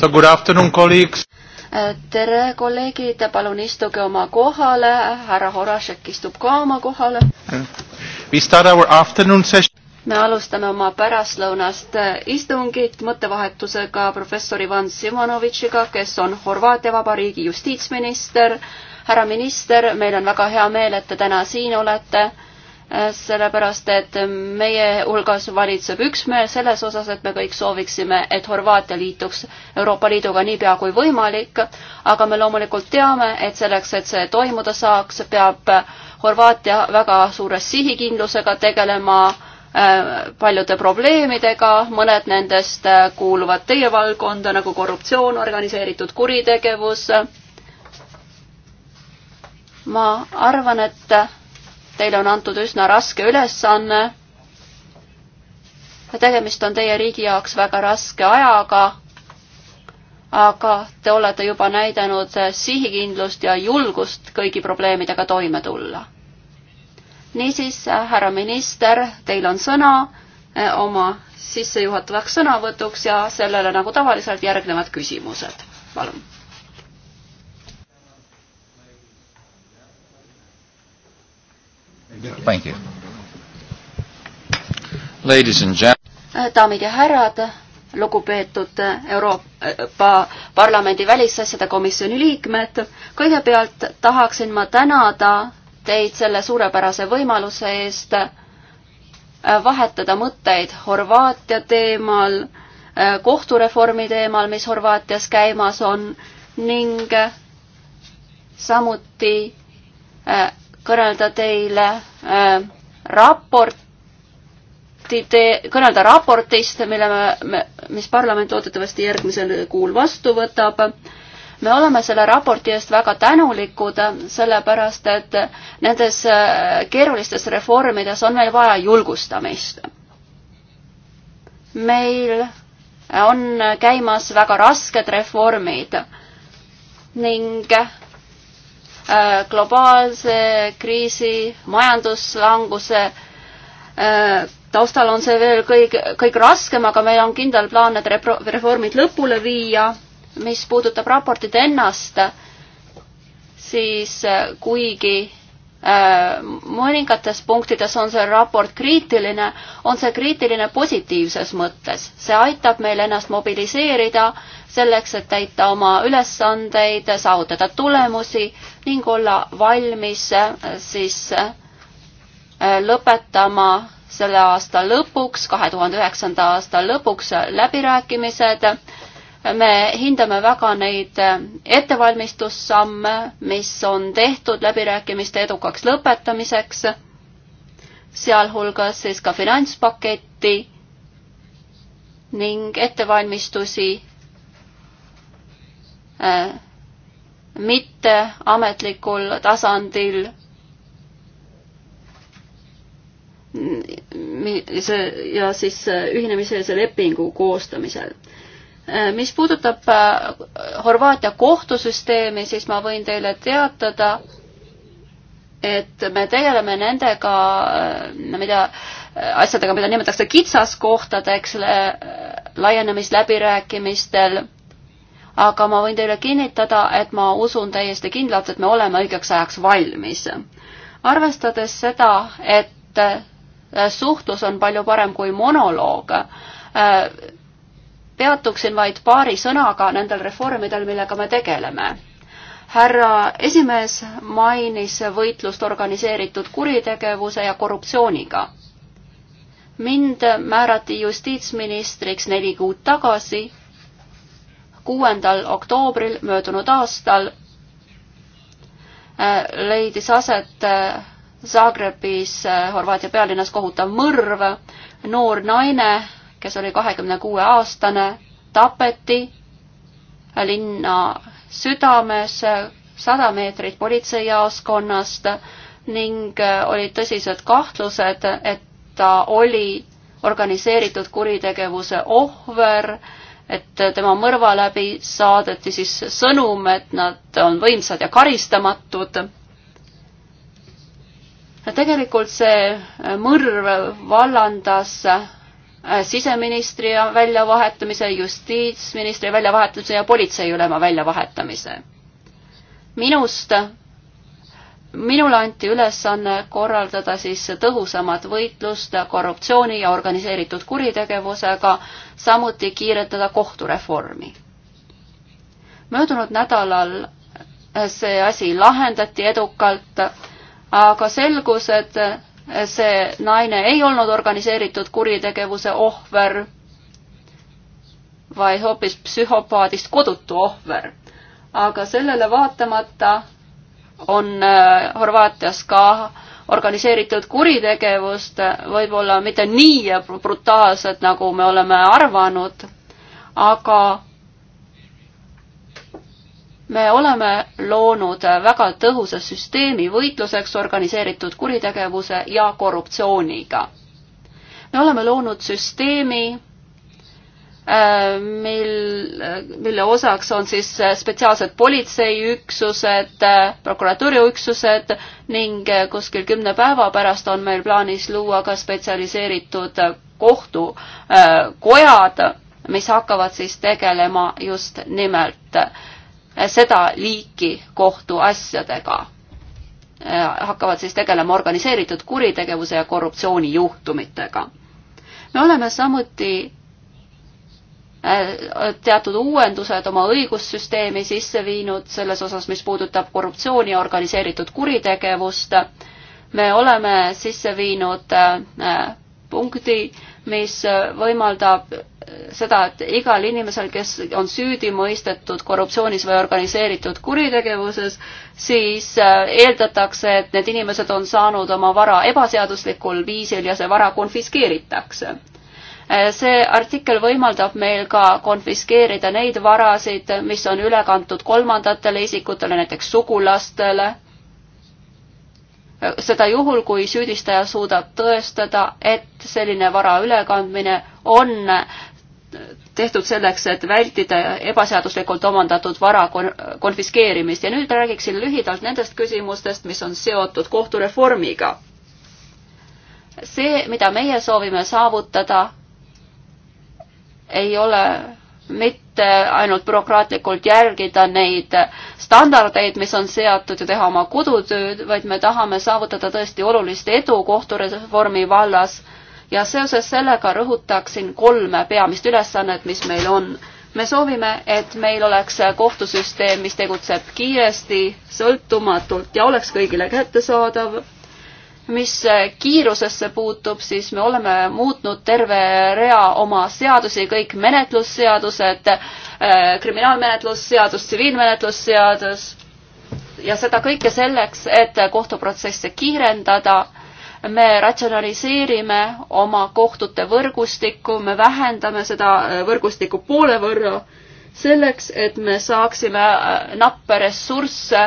So good afternoon, colleagues. tere, kolleegid, palun istuge oma kohale, härra Horašek istub ka oma kohale. We start our afternoon session. me alustame oma pärastlõunast istungit mõttevahetusega professor Ivan Simonovitšiga, kes on Horvaatia Vabariigi justiitsminister. härra minister, meil on väga hea meel, et te täna siin olete sellepärast et meie hulgas valitseb üksmeel selles osas, et me kõik sooviksime, et Horvaatia liituks Euroopa Liiduga niipea kui võimalik, aga me loomulikult teame, et selleks, et see toimuda saaks, peab Horvaatia väga suure sihikindlusega tegelema äh, paljude probleemidega, mõned nendest äh, kuuluvad teie valdkonda nagu korruptsioon, organiseeritud kuritegevus. ma arvan, et Teile on antud üsna raske ülesanne. tegemist on teie riigi jaoks väga raske ajaga. aga te olete juba näidanud sihikindlust ja julgust kõigi probleemidega toime tulla. niisiis, härra minister, teil on sõna oma sissejuhatavaks sõnavõtuks ja sellele nagu tavaliselt järgnevad küsimused. palun Thank you. Ladies and gentlemen. daamid ja härrad, lugupeetud Euroopa Parlamendi välisasjade komisjoni liikmed, kõigepealt tahaksin ma tänada teid selle suurepärase võimaluse eest vahetada mõtteid Horvaatia teemal, kohtureformi teemal, mis Horvaatias käimas on ning samuti kõnelda teile raportide, kõnelda raportist, mille me, mis parlament loodetavasti järgmisel kuul vastu võtab me oleme selle raporti eest väga tänulikud, sellepärast et nendes äh, keerulistes reformides on meil vaja julgustamist. meil on käimas väga rasked reformid ning Äh, globaalse kriisi, majanduslanguse äh, taustal on see veel kõige, kõige raskem, aga meil on kindel plaan need reformid lõpule viia. mis puudutab raportit ennast, siis äh, kuigi mõningates punktides on see raport kriitiline, on see kriitiline positiivses mõttes. see aitab meil ennast mobiliseerida selleks, et täita oma ülesandeid, saavutada tulemusi ning olla valmis äh, siis äh, lõpetama selle aasta lõpuks, kahe tuhande üheksanda aasta lõpuks läbirääkimised. me hindame väga neid äh, ettevalmistussamme, mis on tehtud läbirääkimiste edukaks lõpetamiseks, sealhulgas siis ka finantspaketti ning ettevalmistusi Äh, mitteametlikul tasandil. ja siis äh, ühinemiseelse lepingu koostamisel. Äh, mis puudutab Horvaatia kohtusüsteemi, siis ma võin teile teatada, et me tegeleme nendega, mida, asjadega, mida nimetatakse kitsaskohtadeks laienemisläbirääkimistel aga ma võin teile kinnitada, et ma usun täiesti kindlalt, et me oleme õigeks ajaks valmis. arvestades seda, et äh, suhtlus on palju parem kui monoloog, äh, peatuksin vaid paari sõnaga nendel reformidel, millega me tegeleme härra esimees mainis võitlust organiseeritud kuritegevuse ja korruptsiooniga. mind määrati justiitsministriks neli kuud tagasi kuuendal oktoobril möödunud aastal äh, leidis aset äh, Zagrebis, äh, Horvaatia pealinnas kohutav mõrv. noor naine, kes oli kahekümne kuue aastane, tapeti linna südames sada meetrit politseijaoskonnast ning olid tõsised kahtlused, et ta oli organiseeritud kuritegevuse ohver et tema mõrva läbi saadeti siis sõnum, et nad on võimsad ja karistamatud. tegelikult see mõrv vallandas äh, siseministri väljavahetamise, justiitsministri väljavahetamise ja politseiülema väljavahetamise. minust minule anti ülesanne korraldada siis tõhusamat võitlust korruptsiooni ja organiseeritud kuritegevusega, samuti kiiretada kohtureformi. möödunud nädalal see asi lahendati edukalt, aga selgus, et see naine ei olnud organiseeritud kuritegevuse ohver, vaid hoopis psühhopaadist kodutu ohver. aga sellele vaatamata on äh, Horvaatias ka organiseeritud kuritegevust, võib-olla mitte nii brutaalselt, nagu me oleme arvanud, aga me oleme loonud väga tõhusa süsteemi võitluseks organiseeritud kuritegevuse ja korruptsiooniga. me oleme loonud süsteemi, Äh, mil, mille osaks on siis spetsiaalsed politseiüksused, äh, prokuratuuriüksused ning äh, kuskil kümne päeva pärast on meil plaanis luua ka spetsialiseeritud kohtukojad, mis hakkavad siis tegelema just nimelt seda liiki kohtuasjadega. hakkavad siis tegelema organiseeritud kuritegevuse ja korruptsioonijuhtumitega. me oleme samuti Äh, teatud uuendused oma õigussüsteemi sisse viinud selles osas, mis puudutab korruptsiooni ja organiseeritud kuritegevust. me oleme sisse viinud äh, punkti, mis võimaldab seda, et igal inimesel, kes on süüdi mõistetud korruptsioonis või organiseeritud kuritegevuses, siis äh, eeldatakse, et need inimesed on saanud oma vara ebaseaduslikul viisil ja see vara konfiskeeritakse see artikkel võimaldab meil ka konfiskeerida neid varasid, mis on üle kantud kolmandatele isikutele, näiteks sugulastele. seda juhul, kui süüdistaja suudab tõestada, et selline vara ülekandmine on tehtud selleks, et vältida ebaseaduslikult omandatud vara konfiskeerimist ja nüüd räägiksin lühidalt nendest küsimustest, mis on seotud kohtureformiga. see, mida meie soovime saavutada, ei ole mitte ainult bürokraatlikult järgida neid standardeid, mis on seatud ja teha oma kodutööd, vaid me tahame saavutada tõesti olulist edu kohtureformi vallas ja seoses sellega rõhutaksin kolme peamist ülesannet, mis meil on. me soovime, et meil oleks kohtusüsteem, mis tegutseb kiiresti, sõltumatult ja oleks kõigile kättesaadav mis kiirusesse puutub, siis me oleme muutnud terve rea oma seadusi, kõik menetlusseadused, äh, kriminaalmenetlusseadus, tsiviilmenetlusseadus ja seda kõike selleks, et kohtuprotsesse kiirendada. me ratsionaliseerime oma kohtute võrgustikku, me vähendame seda äh, võrgustikku poole võrra selleks, et me saaksime äh, nappe ressursse,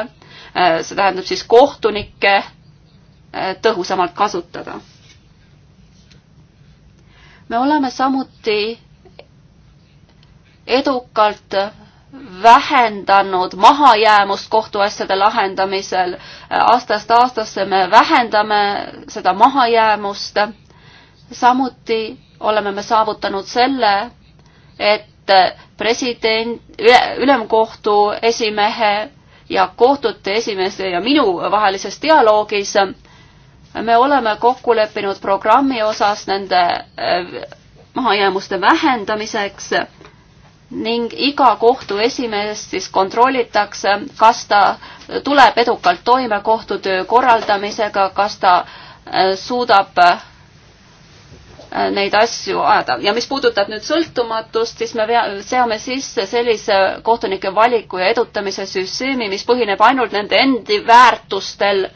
see tähendab siis kohtunikke tõhusamalt kasutada. me oleme samuti edukalt vähendanud mahajäämust kohtuasjade lahendamisel. aastast aastasse me vähendame seda mahajäämust. samuti oleme me saavutanud selle, et president, ülemkohtu esimehe ja kohtute esimeeste ja minu vahelises dialoogis me oleme kokku leppinud programmi osas nende äh, mahajäämuste vähendamiseks ning iga kohtu esimeest siis kontrollitakse, kas ta tuleb edukalt toime kohtutöö korraldamisega, kas ta äh, suudab äh, neid asju ajada. ja mis puudutab nüüd sõltumatust, siis me pea, seame sisse sellise kohtunike valiku ja edutamise süsteemi, mis põhineb ainult nende endi väärtustel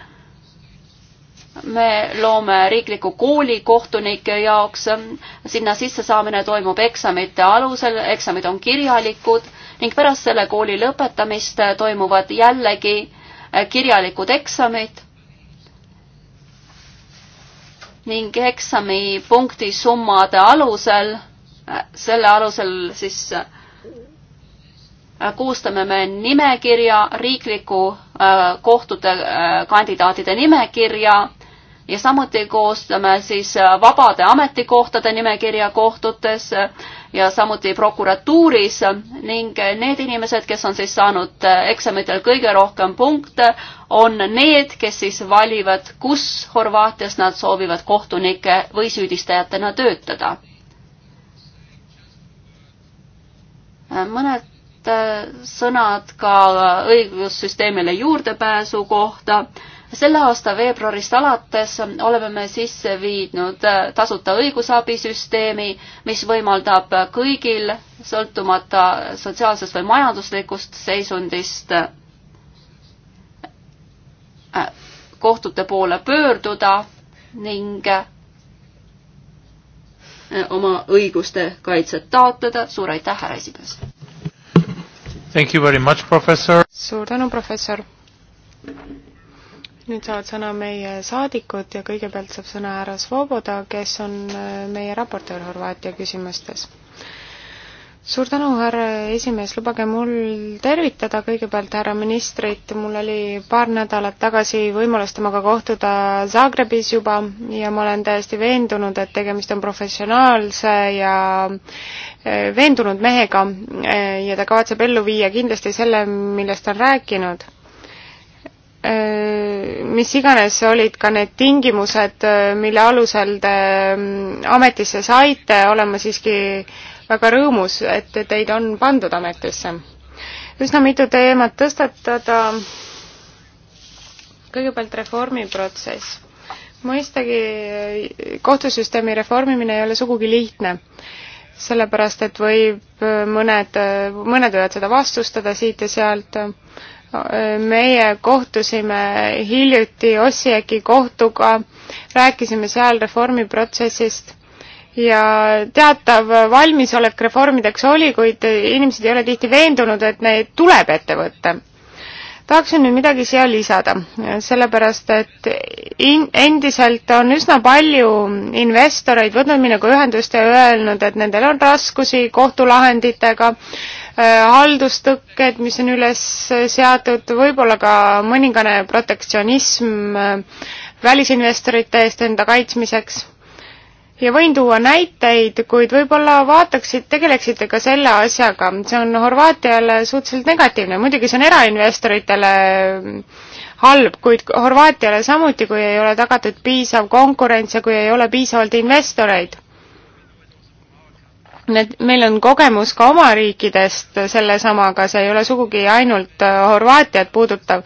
me loome riikliku kooli kohtunike jaoks, sinna sissesaamine toimub eksamite alusel, eksamid on kirjalikud ning pärast selle kooli lõpetamist toimuvad jällegi kirjalikud eksamid. ning eksami punktisummade alusel, selle alusel siis koostame me nimekirja, riikliku äh, kohtute äh, kandidaatide nimekirja ja samuti koostame siis äh, vabade ametikohtade nimekirja kohtutes äh, ja samuti prokuratuuris ning äh, need inimesed, kes on siis saanud eksamitel kõige rohkem punkte, on need, kes siis valivad, kus Horvaatias nad soovivad kohtunike või süüdistajatena töötada. mõned sõnad ka õigussüsteemile juurdepääsu kohta selle aasta veebruarist alates oleme me sisse viinud äh, tasuta õigusabisüsteemi, mis võimaldab kõigil, sõltumata sotsiaalsest või majanduslikust seisundist, äh, kohtute poole pöörduda ning äh, oma õiguste kaitset taotleda. suur aitäh, härra esimees! Thank you very much, professor! suur tänu, professor! nüüd saavad sõna meie saadikud ja kõigepealt saab sõna härra Svoboda, kes on äh, meie raportöör Horvaatia küsimustes. suur tänu, härra esimees, lubage mul tervitada kõigepealt härra ministrit, mul oli paar nädalat tagasi võimalus temaga kohtuda Zagrebis juba ja ma olen täiesti veendunud, et tegemist on professionaalse ja äh, veendunud mehega äh, ja ta kavatseb ellu viia kindlasti selle, millest ta on rääkinud Äh, mis iganes olid ka need tingimused, äh, mille alusel te mm, ametisse saite, olen ma siiski väga rõõmus, et teid on pandud ametisse. üsna mitu teemat tõstatada. kõigepealt reformiprotsess. mõistagi äh, kohtusüsteemi reformimine ei ole sugugi lihtne sellepärast et võib mõned, mõned võivad seda vastustada siit ja sealt, meie kohtusime hiljuti Ossieki kohtuga, rääkisime seal reformiprotsessist ja teatav valmisolek reformideks oli, kuid inimesed ei ole tihti veendunud, et neid tuleb ette võtta. tahaksin nüüd midagi siia lisada, sellepärast et in-, endiselt on üsna palju investoreid võtnud minuga ühendust ja öelnud, et nendel on raskusi kohtulahenditega, Äh, haldustõkked, mis on üles seatud, võib-olla ka mõningane protektsionism äh, välisinvestorite eest enda kaitsmiseks. ja võin tuua näiteid, kuid võib-olla vaataksite, tegeleksite ka selle asjaga, see on Horvaatiale suhteliselt negatiivne, muidugi see on erainvestoritele äh, halb, kuid Horvaatiale samuti, kui ei ole tagatud piisav konkurents ja kui ei ole piisavalt investoreid Need, meil on kogemus ka oma riikidest sellesamaga, see ei ole sugugi ainult äh, Horvaatiat puudutav,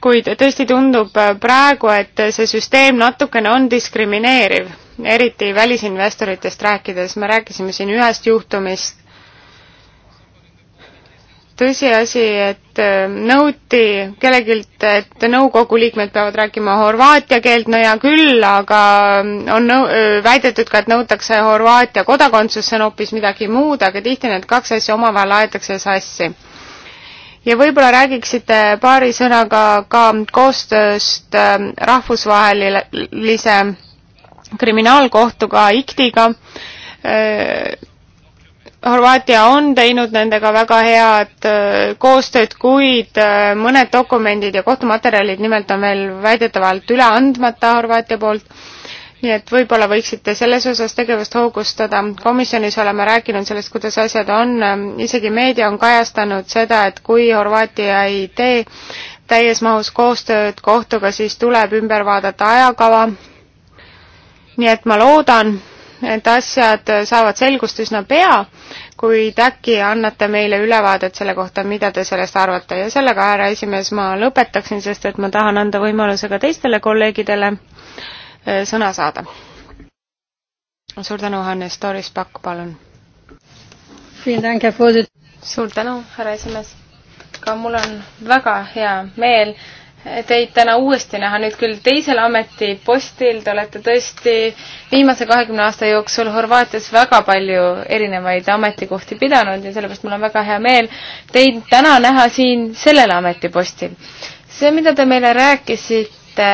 kuid tõesti tundub äh, praegu, et see süsteem natukene on diskrimineeriv, eriti välisinvestoritest rääkides, me rääkisime siin ühest juhtumist, tõsiasi, et äh, nõuti kellelgi, et nõukogu liikmed peavad rääkima horvaatia keelt, no hea küll, aga ähm, on nõu-, äh, väidetud ka, et nõutakse Horvaatia kodakondsust, see on hoopis midagi muud, aga tihti need kaks asja omavahel aetakse sassi. ja võib-olla räägiksite paari sõnaga ka koostööst ähm, rahvusvahelise kriminaalkohtuga, ICTiga, äh, Horvaatia on teinud nendega väga head äh, koostööd, kuid äh, mõned dokumendid ja kohtumaterjalid nimelt on veel väidetavalt üle andmata Horvaatia poolt. nii et võib-olla võiksite selles osas tegevust hoogustada. komisjonis oleme rääkinud sellest, kuidas asjad on, ähm, isegi meedia on kajastanud seda, et kui Horvaatia ei tee täies mahus koostööd kohtuga, siis tuleb ümber vaadata ajakava. nii et ma loodan, et asjad saavad selgust üsna pea, kuid äkki annate meile ülevaadet selle kohta, mida te sellest arvate ja sellega, härra esimees, ma lõpetaksin, sest et ma tahan anda võimaluse ka teistele kolleegidele eh, sõna saada. suur tänu, Hannes, Doris Pakk, palun. suur tänu, härra esimees. ka mul on väga hea meel teid täna uuesti näha, nüüd küll teisel ametipostil, te olete tõesti viimase kahekümne aasta jooksul Horvaatias väga palju erinevaid ametikohti pidanud ja sellepärast mul on väga hea meel teid täna näha siin sellel ametipostil. see, mida te meile rääkisite,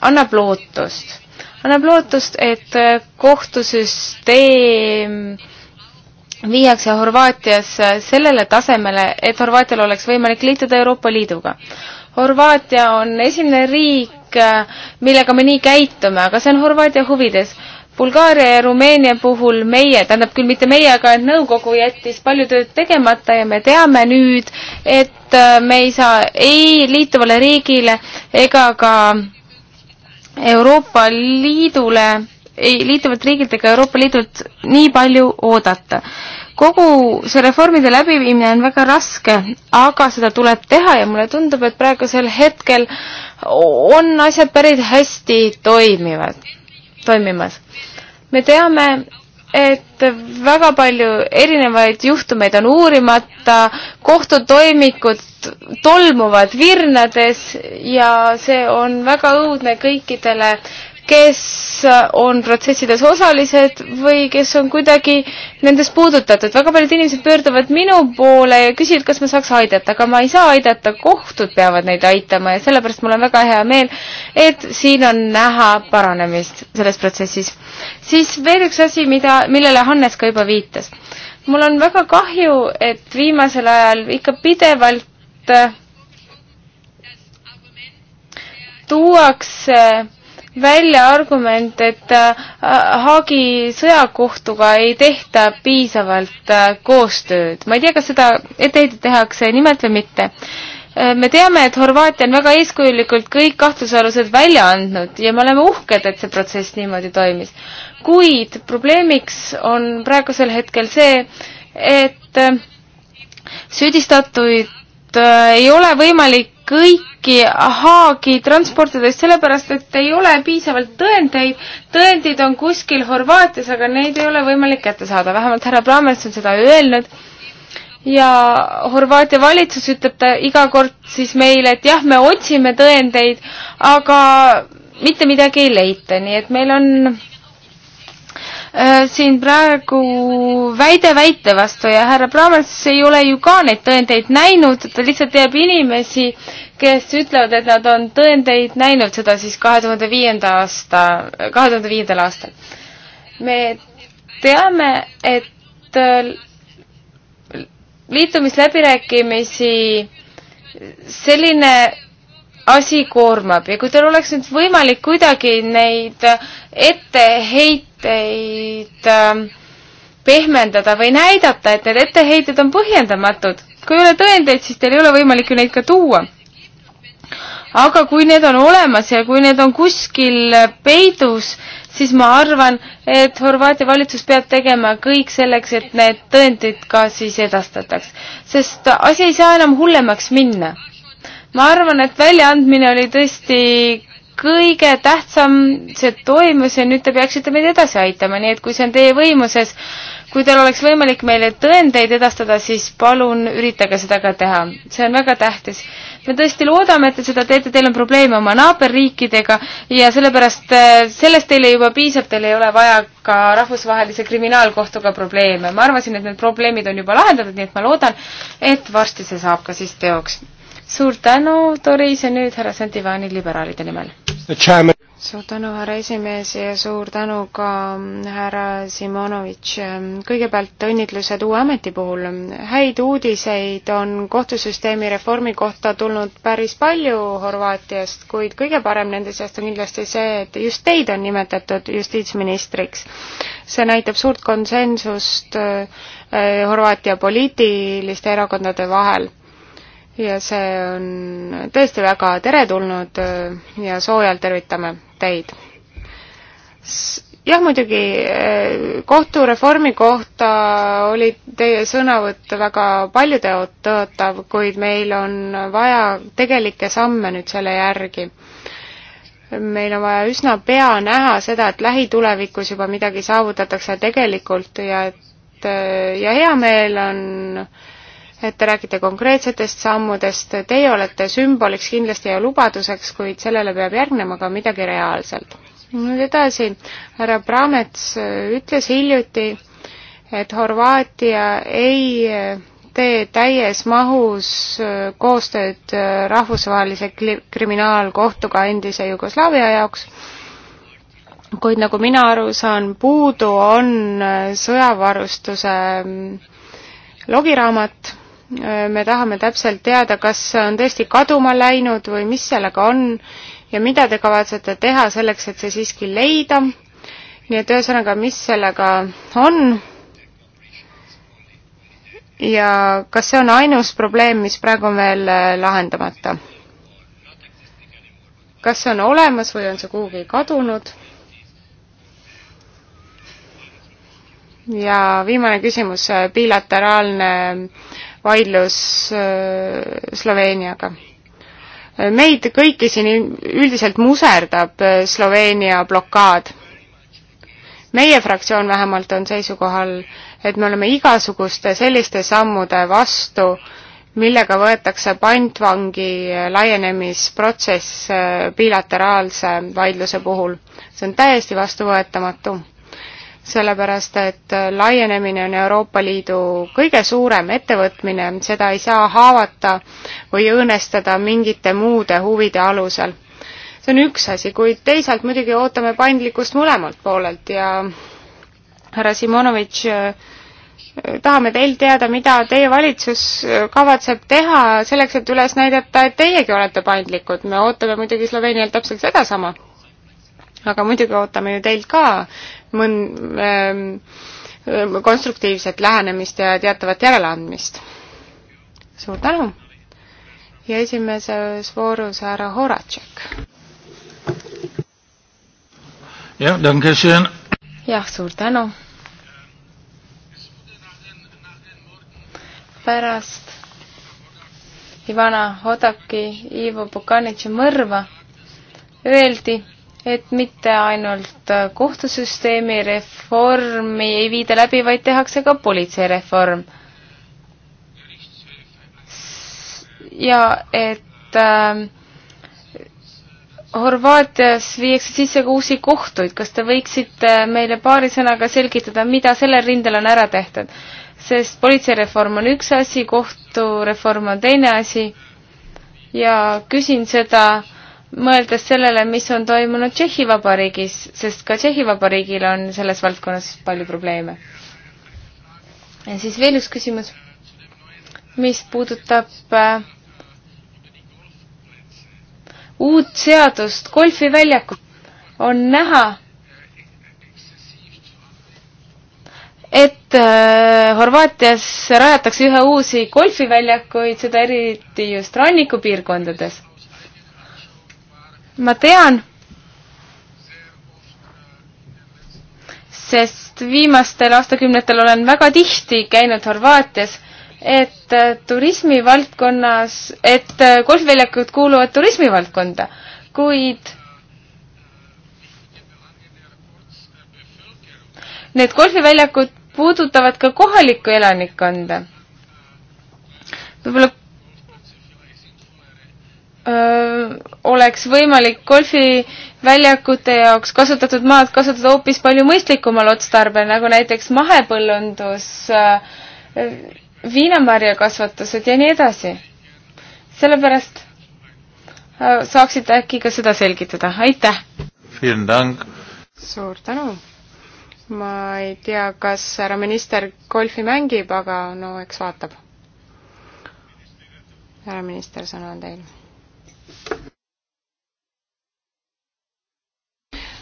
annab lootust. annab lootust, et kohtusüsteem viiakse Horvaatias sellele tasemele, et Horvaatial oleks võimalik liituda Euroopa Liiduga Horvaatia on esimene riik, millega me nii käitume, aga see on Horvaatia huvides. Bulgaaria ja Rumeenia puhul meie, tähendab küll mitte meie, aga et nõukogu jättis palju tööd tegemata ja me teame nüüd, et äh, me ei saa ei liituvale riigile ega ka Euroopa Liidule, ei liituvalt riigilt ega Euroopa Liidult nii palju oodata kogu see reformide läbiviimine on väga raske, aga seda tuleb teha ja mulle tundub, et praegusel hetkel on asjad päris hästi toimivad, toimimas. me teame, et väga palju erinevaid juhtumeid on uurimata, kohtutoimikud tolmuvad virnades ja see on väga õudne kõikidele kes on protsessides osalised või kes on kuidagi nendest puudutatud. väga paljud inimesed pöörduvad minu poole ja küsivad, kas ma saaks aidata, aga ma ei saa aidata, kohtud peavad neid aitama ja sellepärast mul on väga hea meel, et siin on näha paranemist selles protsessis. siis veel üks asi, mida, millele Hannes ka juba viitas. mul on väga kahju, et viimasel ajal ikka pidevalt äh, tuuakse välja argument, et äh, Haagi sõjakohtuga ei tehta piisavalt äh, koostööd. ma ei tea, kas seda etteheidet tehakse nimelt või mitte. Äh, me teame, et Horvaatia on väga eeskujulikult kõik kahtlusalused välja andnud ja me oleme uhked, et see protsess niimoodi toimis. kuid probleemiks on praegusel hetkel see, et süüdistatuid ei ole võimalik kõiki Haagi transportidest, sellepärast et ei ole piisavalt tõendeid. tõendid on kuskil Horvaatias, aga neid ei ole võimalik kätte saada, vähemalt härra Bramers on seda öelnud. ja Horvaatia valitsus ütleb ta iga kord siis meile, et jah, me otsime tõendeid, aga mitte midagi ei leita, nii et meil on Äh, siin praegu väide väite vastu ja härra Bramers ei ole ju ka neid tõendeid näinud, ta lihtsalt teab inimesi, kes ütlevad, et nad on tõendeid näinud seda siis kahe tuhande viienda aasta, kahe tuhande viiendal aastal. me teame, et äh, liitumisläbirääkimisi selline asi koormab ja kui teil oleks nüüd võimalik kuidagi neid etteheiteid ähm, pehmendada või näidata, et need etteheited on põhjendamatud, kui ei ole tõendeid, siis teil ei ole võimalik ju neid ka tuua. aga kui need on olemas ja kui need on kuskil peidus, siis ma arvan, et Horvaatia valitsus peab tegema kõik selleks, et need tõendid ka siis edastataks, sest asi ei saa enam hullemaks minna ma arvan, et väljaandmine oli tõesti kõige tähtsam, see toimus ja nüüd te peaksite meid edasi aitama, nii et kui see on teie võimuses, kui teil oleks võimalik meile tõendeid edastada, siis palun üritage seda ka teha, see on väga tähtis. me tõesti loodame, et te seda teete, teil on probleeme oma naaberriikidega ja sellepärast äh, sellest teile juba piisab, teil ei ole vaja ka rahvusvahelise kriminaalkohtuga probleeme. ma arvasin, et need probleemid on juba lahendatud, nii et ma loodan, et varsti see saab ka siis teoks suur tänu, Doris ja nüüd härra Santivani liberaalide nimel. suur tänu, härra esimees ja suur tänu ka mm, härra Simonovitš. kõigepealt õnnitlused uue ameti puhul. häid uudiseid on kohtusüsteemi reformi kohta tulnud päris palju Horvaatiast, kuid kõige parem nende seast on kindlasti see, et just teid on nimetatud justiitsministriks. see näitab suurt konsensust äh, Horvaatia poliitiliste erakondade vahel ja see on tõesti väga teretulnud äh, ja soojalt tervitame teid. jah, muidugi äh, kohtureformi kohta oli teie sõnavõtt väga paljuteod tõotav, kuid meil on vaja tegelikke samme nüüd selle järgi meil on vaja üsna pea näha seda, et lähitulevikus juba midagi saavutatakse tegelikult ja et äh, ja hea meel on äh, et te räägite konkreetsetest sammudest, teie olete sümboliks kindlasti ja lubaduseks, kuid sellele peab järgnema ka midagi reaalselt. nüüd edasi, härra Pramets ütles hiljuti, et Horvaatia ei tee täies mahus koostööd rahvusvahelise kriminaalkohtuga endise Jugoslaavia jaoks, kuid nagu mina aru saan, puudu on sõjavarustuse logiraamat me tahame täpselt teada, kas see on tõesti kaduma läinud või mis sellega on ja mida te kavatsete teha selleks, et see siiski leida. nii et ühesõnaga, mis sellega on? ja kas see on ainus probleem, mis praegu on veel lahendamata? kas see on olemas või on see kuhugi kadunud? ja viimane küsimus, bilateraalne vaidlus äh, Sloveeniaga. meid kõiki siin üldiselt muserdab äh, Sloveenia blokaad. meie fraktsioon vähemalt on seisukohal, et me oleme igasuguste selliste sammude vastu, millega võetakse pantvangi äh, laienemisprotsess bilateraalse vaidluse puhul. see on täiesti vastuvõetamatu sellepärast et laienemine on Euroopa Liidu kõige suurem ettevõtmine, seda ei saa haavata või õõnestada mingite muude huvide alusel. see on üks asi, kuid teisalt muidugi ootame paindlikkust mõlemalt poolelt ja härra Simonovitš, tahame teilt teada, mida teie valitsus kavatseb teha selleks, et üles näidata, et teiegi olete paindlikud. me ootame muidugi Sloveenialt täpselt sedasama. aga muidugi ootame ju teilt ka mõn- ähm, ähm,, konstruktiivset lähenemist ja teatavat järeleandmist. suur tänu! ja esimeses voorus härra Horatšek. jah, jah, suur tänu! pärast Ivana Hodaki, Ivo Bukanitši mõrva öeldi, et mitte ainult kohtusüsteemi reformi ei viida läbi, vaid tehakse ka politseireform. ja et äh, Horvaatias viiakse sisse ka uusi kohtuid, kas te võiksite meile paari sõnaga selgitada, mida sellel rindel on ära tehtud? sest politseireform on üks asi, kohtureform on teine asi ja küsin seda mõeldes sellele, mis on toimunud Tšehhi Vabariigis, sest ka Tšehhi Vabariigil on selles valdkonnas palju probleeme. ja siis veel üks küsimus, mis puudutab äh, uut seadust golfiväljakul. on näha, et äh, Horvaatias rajatakse üha uusi golfiväljakuid, seda eriti just rannikupiirkondades ma tean, sest viimastel aastakümnetel olen väga tihti käinud Horvaatias, et äh, turismivaldkonnas, et äh, golfväljakud kuuluvad turismivaldkonda, kuid need golfiväljakud puudutavad ka kohalikku elanikkonda. võib-olla öö, oleks võimalik golfiväljakute jaoks kasutatud maad kasutada hoopis palju mõistlikumal otstarbel, nagu näiteks mahepõllundus, viinamarjakasvatused ja nii edasi. sellepärast öö, saaksite äkki ka seda selgitada, aitäh! suur tänu! ma ei tea, kas härra minister golfi mängib, aga no eks vaatab. härra minister, sõna on teil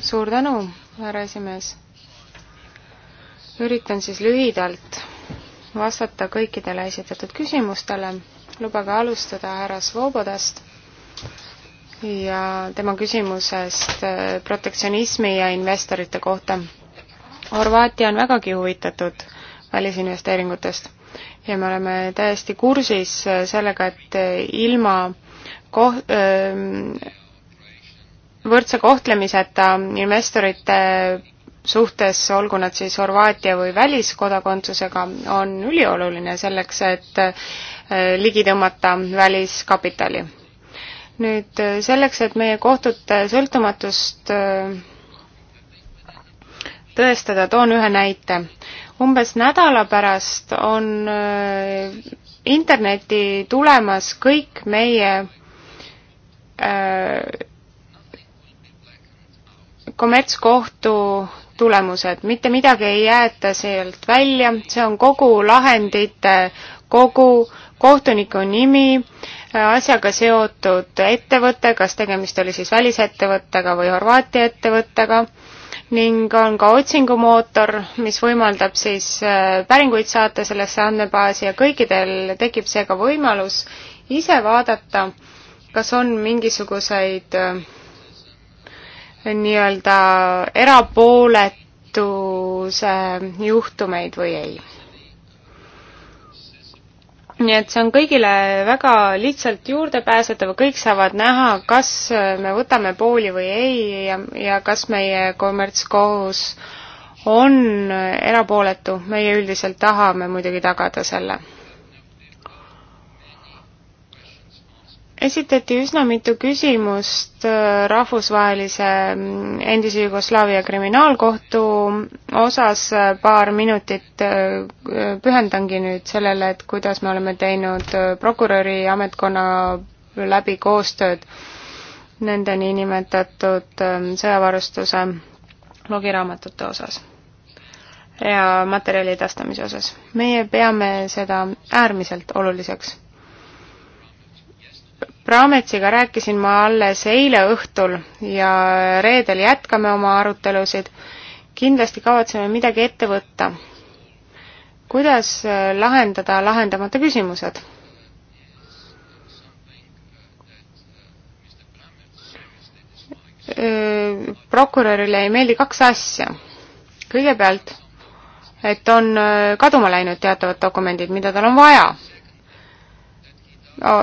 suur tänu, härra esimees. üritan siis lühidalt vastata kõikidele esitatud küsimustele. lubage alustada härra Svobodast ja tema küsimusest äh, protektsionismi ja investorite kohta. Horvaatia on vägagi huvitatud välisinvesteeringutest ja me oleme täiesti kursis äh, sellega, et äh, ilma koh-, võrdse kohtlemiseta investorite suhtes, olgu nad siis Horvaatia või väliskodakondsusega, on ülioluline selleks, et eh, ligi tõmmata väliskapitali. nüüd eh, selleks, et meie kohtute sõltumatust eh, tõestada, toon ühe näite. umbes nädala pärast on interneti tulemas kõik meie kommertskohtu tulemused, mitte midagi ei jäeta sealt välja, see on kogu lahendite kogu, kohtuniku nimi, asjaga seotud ettevõte, kas tegemist oli siis välisettevõttega või Horvaatia ettevõttega, ning on ka otsingumootor, mis võimaldab siis äh, päringuid saata sellesse andmebaasi ja kõikidel tekib seega võimalus ise vaadata, kas on mingisuguseid äh, nii-öelda erapooletuse juhtumeid või ei. nii et see on kõigile väga lihtsalt juurdepääsetav, kõik saavad näha, kas me võtame pooli või ei ja, ja kas meie kommertskohus on erapooletu, meie üldiselt tahame muidugi tagada selle esitati üsna mitu küsimust äh, rahvusvahelise mm, endise Jugoslaavia kriminaalkohtu osas, äh, paar minutit äh, pühendangi nüüd sellele, et kuidas me oleme teinud prokuröri ametkonna läbi koostööd nende niinimetatud ähm, sõjavarustuse logiraamatute osas ja materjali edastamise osas. meie peame seda äärmiselt oluliseks Praametsiga rääkisin ma alles eile õhtul ja reedel jätkame oma arutelusid. kindlasti kavatseme midagi ette võtta. kuidas äh, lahendada lahendamata küsimused? Äh, prokurörile ei meeldi kaks asja. kõigepealt, et on äh, kaduma läinud teatavad dokumendid, mida tal on vaja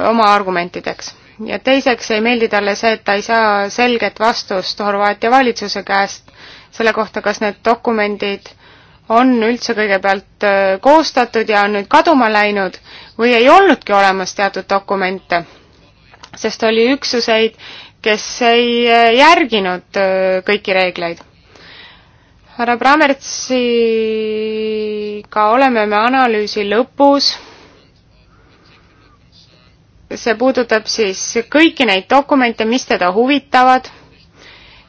oma argumentideks. ja teiseks ei meeldi talle see, et ta ei saa selget vastust Horvaatia valitsuse käest selle kohta, kas need dokumendid on üldse kõigepealt äh, koostatud ja on nüüd kaduma läinud või ei olnudki olemas teatud dokumente. sest oli üksuseid, kes ei äh, järginud äh, kõiki reegleid. härra Brammertsiga oleme me analüüsi lõpus see puudutab siis kõiki neid dokumente, mis teda huvitavad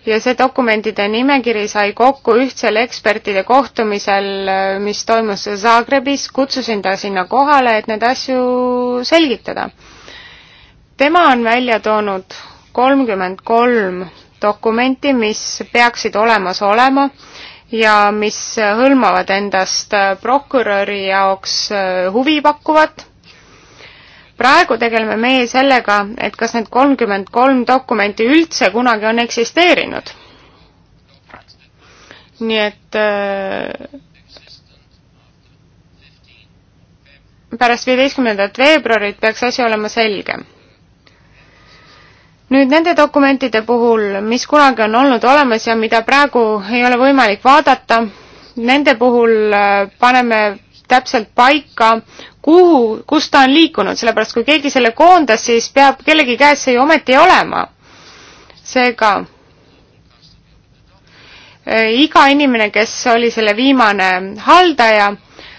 ja see dokumentide nimekiri sai kokku ühtsel ekspertide kohtumisel, mis toimus Zagrebis, kutsusin ta sinna kohale, et neid asju selgitada. tema on välja toonud kolmkümmend kolm dokumenti, mis peaksid olemas olema ja mis hõlmavad endast prokuröri jaoks huvipakkuvat praegu tegeleme meie sellega, et kas need kolmkümmend kolm dokumenti üldse kunagi on eksisteerinud. nii et äh, pärast viieteistkümnendat veebruarit peaks asi olema selge. nüüd nende dokumentide puhul, mis kunagi on olnud olemas ja mida praegu ei ole võimalik vaadata, nende puhul äh, paneme täpselt paika, kuhu, kus ta on liikunud, sellepärast kui keegi selle koondas, siis peab kellegi käes see ju ometi olema. seega eh, iga inimene, kes oli selle viimane haldaja,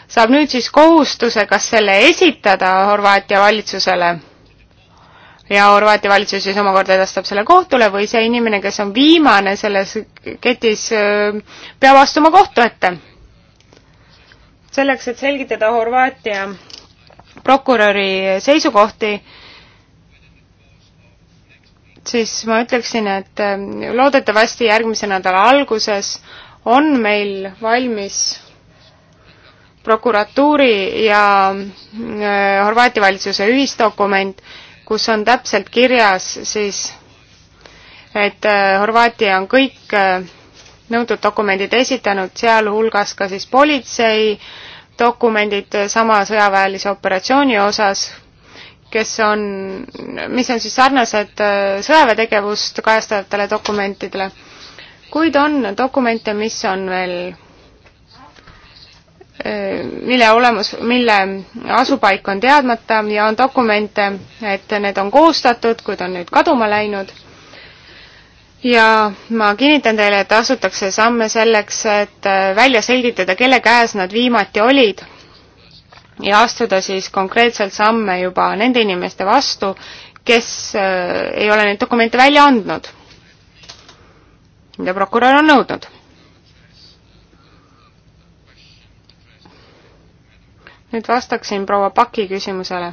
saab nüüd siis kohustuse, kas selle esitada Horvaatia valitsusele ja Horvaatia valitsus siis omakorda edastab selle kohtule või see inimene, kes on viimane selles ketis, eh, peab astuma kohtu ette selleks, et selgitada Horvaatia prokuröri seisukohti, siis ma ütleksin, et äh, loodetavasti järgmise nädala alguses on meil valmis prokuratuuri ja äh, Horvaatia valitsuse ühisdokument, kus on täpselt kirjas siis, et äh, Horvaatia on kõik nõutud dokumendid esitanud, sealhulgas ka siis politsei dokumendid sama sõjaväelise operatsiooni osas, kes on, mis on siis sarnased äh, sõjaväetegevust kajastavatele dokumentidele, kuid on dokumente, mis on veel äh, mille olemus, mille asupaik on teadmata ja on dokumente, et need on koostatud, kuid on nüüd kaduma läinud ja ma kinnitan teile, et astutakse samme selleks, et äh, välja selgitada, kelle käes nad viimati olid ja astuda siis konkreetselt samme juba nende inimeste vastu, kes äh, ei ole neid dokumente välja andnud, mida prokurör on nõudnud. nüüd vastaksin proua Paki küsimusele.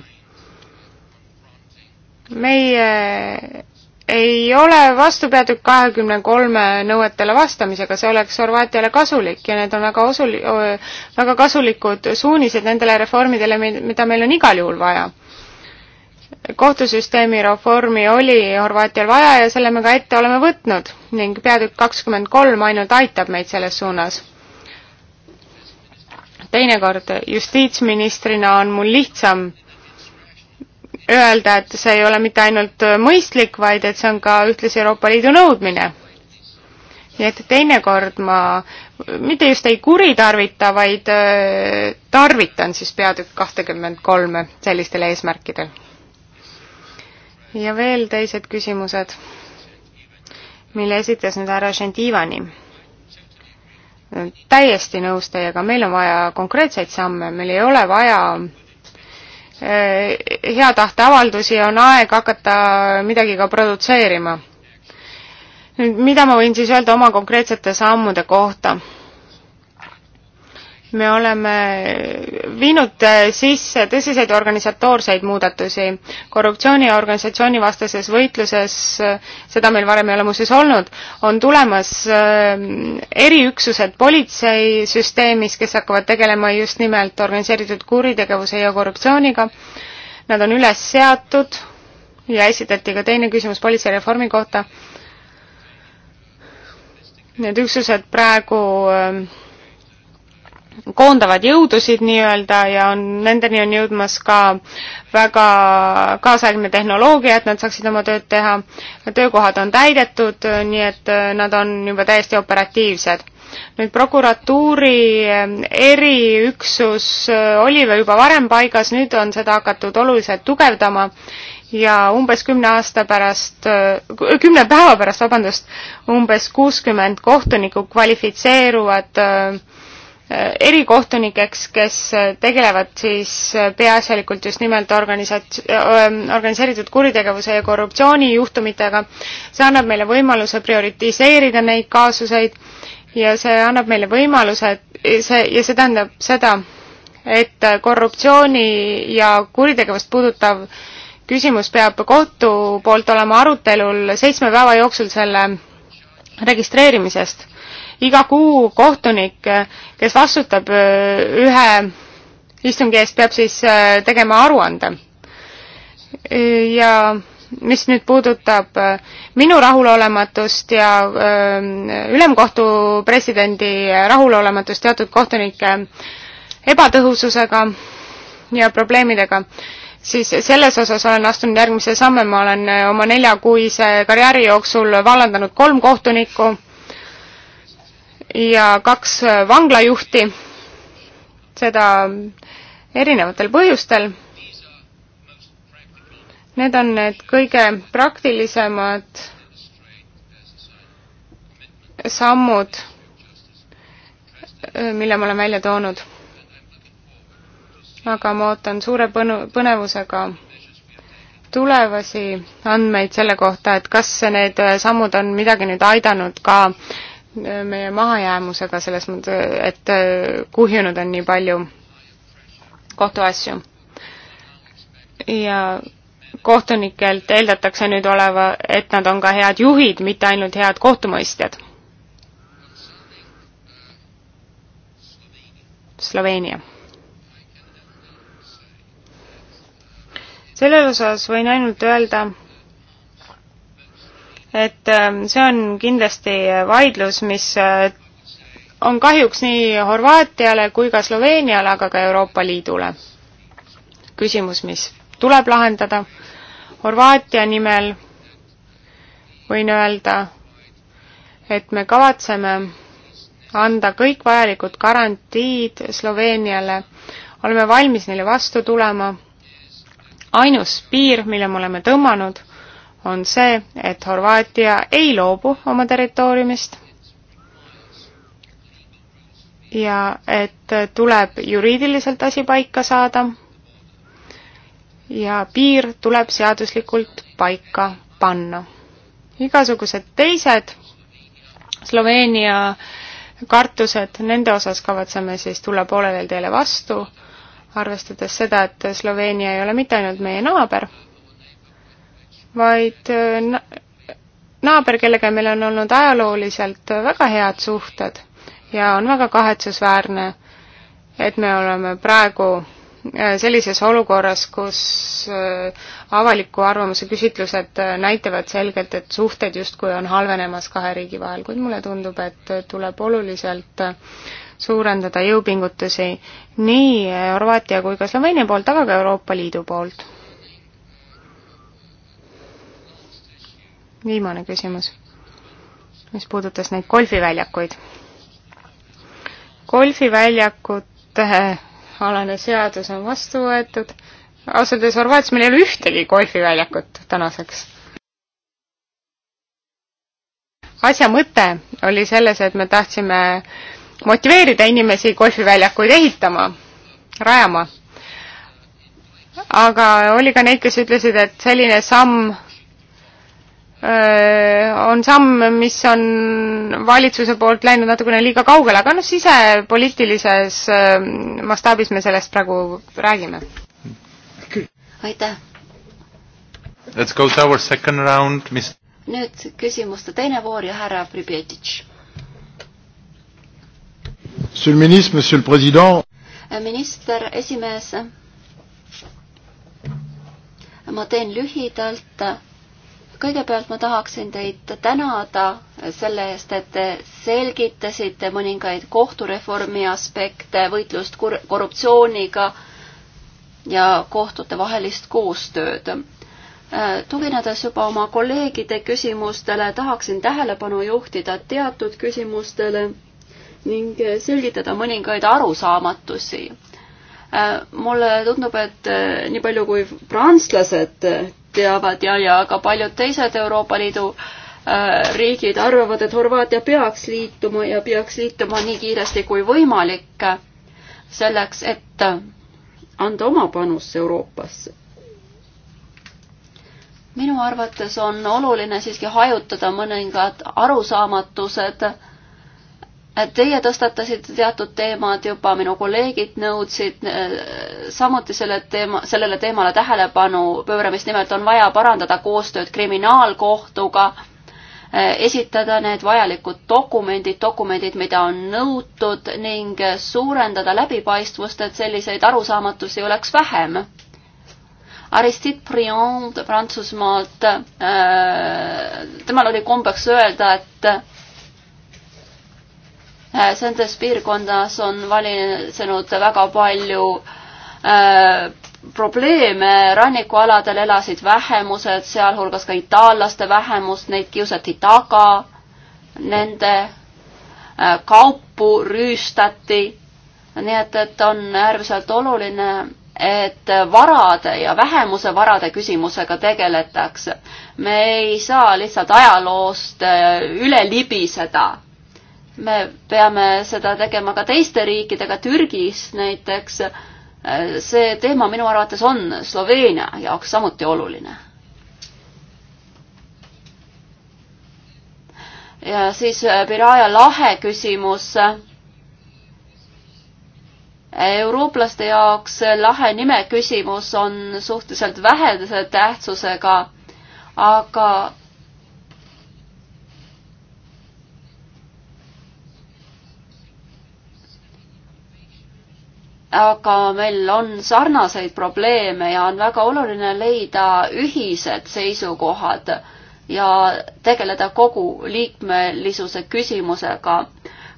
meie ei ole vastupeatükk kahekümne kolme nõuetele vastamisega, see oleks Horvaatiale kasulik ja need on väga osuli-, väga kasulikud suunised nendele reformidele, mida meil on igal juhul vaja. kohtusüsteemi reformi oli Horvaatial vaja ja selle me ka ette oleme võtnud ning peatükk kakskümmend kolm ainult aitab meid selles suunas. teinekord justiitsministrina on mul lihtsam öelda, et see ei ole mitte ainult äh, mõistlik, vaid et see on ka ühtlasi Euroopa Liidu nõudmine. nii et teinekord ma mitte just ei kuritarvita, vaid äh, tarvitan siis peatükk kahtekümmend kolme sellistel eesmärkidel. ja veel teised küsimused, mille esitas nüüd härra Šentivani täiesti nõus teiega, meil on vaja konkreetseid samme, meil ei ole vaja hea tahte avaldusi ja on aeg hakata midagi ka produtseerima. nüüd mida ma võin siis öelda oma konkreetsete sammude kohta? me oleme viinud sisse tõsiseid organisatoorseid muudatusi korruptsiooni ja organisatsioonivastases võitluses, seda meil varem ei ole muuseas olnud, on tulemas ähm, eriüksused politseisüsteemis, kes hakkavad tegelema just nimelt organiseeritud kuritegevuse ja korruptsiooniga. Nad on üles seatud ja esitati ka teine küsimus politseireformi kohta. Need üksused praegu äh, koondavad jõudusid nii-öelda ja on, nendeni on jõudmas ka väga kaasaegne tehnoloogia, et nad saaksid oma tööd teha. töökohad on täidetud, nii et äh, nad on juba täiesti operatiivsed. nüüd prokuratuuri äh, eriüksus äh, oli ju juba varem paigas, nüüd on seda hakatud oluliselt tugevdama ja umbes kümne aasta pärast, kümne päeva pärast, vabandust, umbes kuuskümmend kohtunikku kvalifitseeruvad öö, Äh, erikohtunikeks, kes äh, tegelevad siis äh, peaasjalikult just nimelt organisats-, ähm, organiseeritud kuritegevuse ja korruptsioonijuhtumitega. see annab meile võimaluse prioritiseerida neid kaasuseid ja see annab meile võimaluse, see, ja see tähendab seda, et korruptsiooni ja kuritegevust puudutav küsimus peab kohtu poolt olema arutelul seitsme päeva jooksul selle registreerimisest iga kuu kohtunik, kes vastutab ühe istungi eest, peab siis tegema aruande. ja mis nüüd puudutab minu rahulolematust ja ülemkohtu presidendi rahulolematust teatud kohtunike ebatõhususega ja probleemidega, siis selles osas olen astunud järgmise samme, ma olen oma neljakuise karjääri jooksul vallandanud kolm kohtunikku ja kaks äh, vanglajuhti, seda erinevatel põhjustel. Need on need kõige praktilisemad sammud, äh, mille ma olen välja toonud. aga ma ootan suure põnu-, põnevusega tulevasi andmeid selle kohta, et kas need äh, sammud on midagi nüüd aidanud ka äh, meie mahajäämusega selles mõttes, et äh, kuhjunud on nii palju kohtuasju. ja kohtunikelt eeldatakse nüüd oleva, et nad on ka head juhid, mitte ainult head kohtumõistjad. Sloveenia. selles osas võin ainult öelda, et ähm, see on kindlasti vaidlus, mis äh, on kahjuks nii Horvaatiale kui ka Sloveeniale, aga ka Euroopa Liidule. küsimus, mis tuleb lahendada. Horvaatia nimel võin öelda, et me kavatseme anda kõik vajalikud garantiid Sloveeniale, oleme valmis neile vastu tulema. ainus piir, mille me oleme tõmmanud, on see, et Horvaatia ei loobu oma territooriumist ja et tuleb juriidiliselt asi paika saada ja piir tuleb seaduslikult paika panna. igasugused teised Sloveenia kartused, nende osas kavatseme siis tulla poolelel teele vastu, arvestades seda, et Sloveenia ei ole mitte ainult meie naaber, vaid äh, naaber, kellega meil on olnud ajalooliselt väga head suhted ja on väga kahetsusväärne, et me oleme praegu äh, sellises olukorras, kus äh, avaliku arvamuse küsitlused näitavad selgelt, et suhted justkui on halvenemas kahe riigi vahel, kuid mulle tundub, et tuleb oluliselt suurendada jõupingutusi nii Horvaatia kui ka Sloveenia poolt, aga ka Euroopa Liidu poolt viimane küsimus, mis puudutas neid golfiväljakuid. golfiväljakute alane seadus on vastu võetud, ausalt öeldes Horvaatias meil ei ole ühtegi golfiväljakut tänaseks. asja mõte oli selles, et me tahtsime motiveerida inimesi golfiväljakuid ehitama, rajama aga oli ka neid, kes ütlesid, et selline samm Äh, on samm, mis on valitsuse poolt läinud natukene liiga kaugele, aga noh, sisepoliitilises äh, mastaabis me sellest praegu räägime. aitäh. Let's go to our second round, mis nüüd küsimuste teine voor ja härra Pribjetitš. Monsieur le ministre, monsieur le president. Äh, minister, esimees. ma teen lühidalt kõigepealt ma tahaksin teid tänada selle eest, et te selgitasite mõningaid kohtureformi aspekte, võitlust korruptsiooniga ja kohtute vahelist koostööd. tuginedes juba oma kolleegide küsimustele, tahaksin tähelepanu juhtida teatud küsimustele ning selgitada mõningaid arusaamatusi mulle tundub, et nii palju kui prantslased teavad ja, ja ka paljud teised Euroopa Liidu äh, riigid arvavad, et Horvaatia peaks liituma ja peaks liituma nii kiiresti kui võimalik äh, selleks, et äh, anda oma panus Euroopasse. minu arvates on oluline siiski hajutada mõningad arusaamatused äh, Teie tõstatasite teatud teemad juba, minu kolleegid nõudsid äh, samuti selle teema, sellele teemale tähelepanu pööramist, nimelt on vaja parandada koostööd kriminaalkohtuga, äh, esitada need vajalikud dokumendid, dokumendid, mida on nõutud ning äh, suurendada läbipaistvust, et selliseid arusaamatusi oleks vähem. Aristide Briand Prantsusmaalt äh,, temal oli kombeks öelda, et Äh, selles piirkonnas on valinud väga palju äh, probleeme, rannikualadel elasid vähemused, sealhulgas ka itaallaste vähemus, neid kiusati taga, nende äh, kaupu rüüstati, nii et, et on äärmiselt oluline et varade ja vähemuse varade küsimusega tegeletakse. me ei saa lihtsalt ajaloost äh, üle libiseda me peame seda tegema ka teiste riikidega, Türgis näiteks. see teema minu arvates on Sloveenia jaoks samuti oluline. ja siis äh, Piraja lahe küsimus eurooplaste jaoks lahe nime küsimus on suhteliselt vähese tähtsusega, aga aga meil on sarnaseid probleeme ja on väga oluline leida ühised seisukohad ja tegeleda kogu liikmelisuse küsimusega.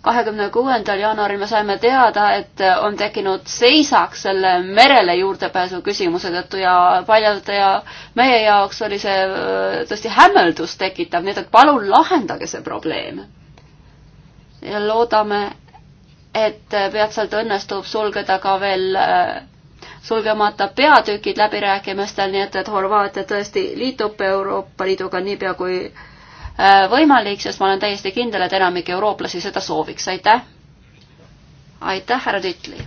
kahekümne kuuendal jaanuaril me saime teada, et on tekkinud seisak selle merele juurdepääsu küsimuse tõttu ja paljude ja meie jaoks oli see äh, tõesti hämmeldust tekitav, nii et palun lahendage see probleem. ja loodame, et äh, peatselt õnnestub sulgeda ka veel äh, sulgemata peatükid läbirääkimistel, nii et, et Horvaatia tõesti liitub Euroopa Liiduga niipea kui äh, võimalik, sest ma olen täiesti kindel, et enamik eurooplasi seda sooviks, aitäh. aitäh, härra Tütli.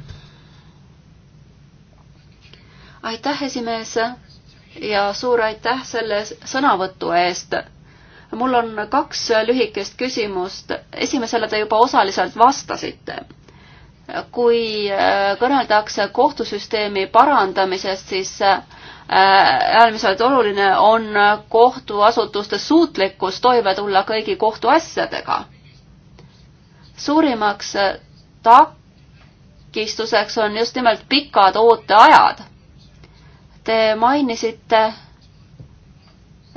aitäh, esimees ja suur aitäh selle sõnavõtu eest mul on kaks lühikest küsimust. esimesele te juba osaliselt vastasite. kui äh, kõneldakse kohtusüsteemi parandamisest, siis äh, äärmiselt oluline on kohtuasutuste suutlikkus toime tulla kõigi kohtuasjadega. suurimaks äh, takistuseks on just nimelt pikad ooteajad. Te mainisite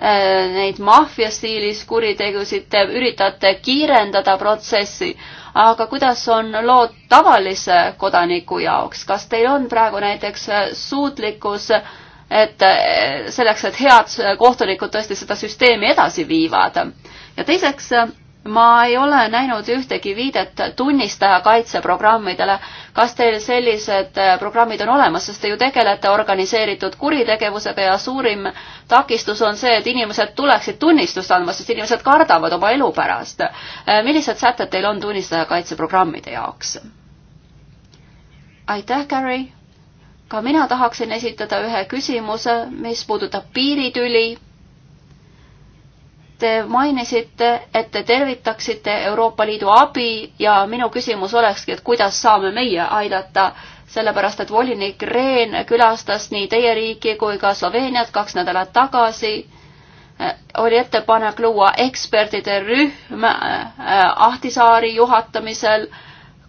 Äh, neid maffiastiilis kuritegusid, te üritate kiirendada protsessi, aga kuidas on lood tavalise kodaniku jaoks, kas teil on praegu näiteks äh, suutlikkus et äh, selleks, et head kohtunikud tõesti seda süsteemi edasi viivad. ja teiseks ma ei ole näinud ühtegi viidet tunnistaja kaitseprogrammidele. kas teil sellised äh, programmid on olemas, sest te ju tegelete organiseeritud kuritegevusega ja suurim takistus on see, et inimesed tuleksid tunnistust andma, sest inimesed kardavad oma elu pärast. Äh, millised sätted teil on tunnistaja kaitseprogrammide jaoks? aitäh, Gary. ka mina tahaksin esitada ühe küsimuse, mis puudutab piiritüli Te mainisite, et te tervitaksite Euroopa Liidu abi ja minu küsimus olekski, et kuidas saame meie aidata, sellepärast et volinik Rehn külastas nii teie riiki kui ka Sloveeniat kaks nädalat tagasi. oli ettepanek luua ekspertide rühm äh, Ahtisaari juhatamisel.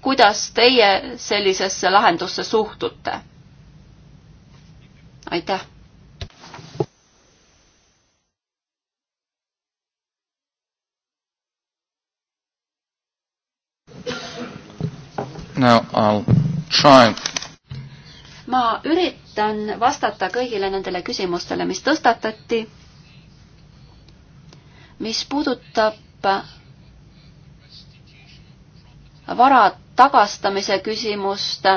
kuidas teie sellisesse lahendusse suhtute? aitäh Now I'll try. ma üritan vastata kõigile nendele küsimustele, mis tõstatati, mis puudutab vara tagastamise küsimust,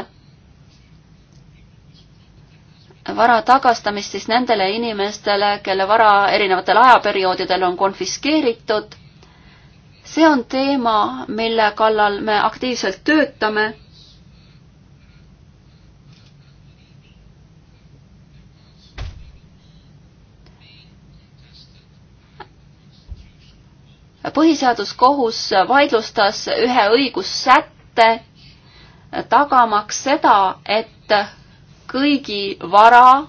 vara tagastamist siis nendele inimestele, kelle vara erinevatel ajaperioodidel on konfiskeeritud see on teema, mille kallal me aktiivselt töötame. põhiseaduskohus vaidlustas ühe õigussätte, tagamaks seda, et kõigi vara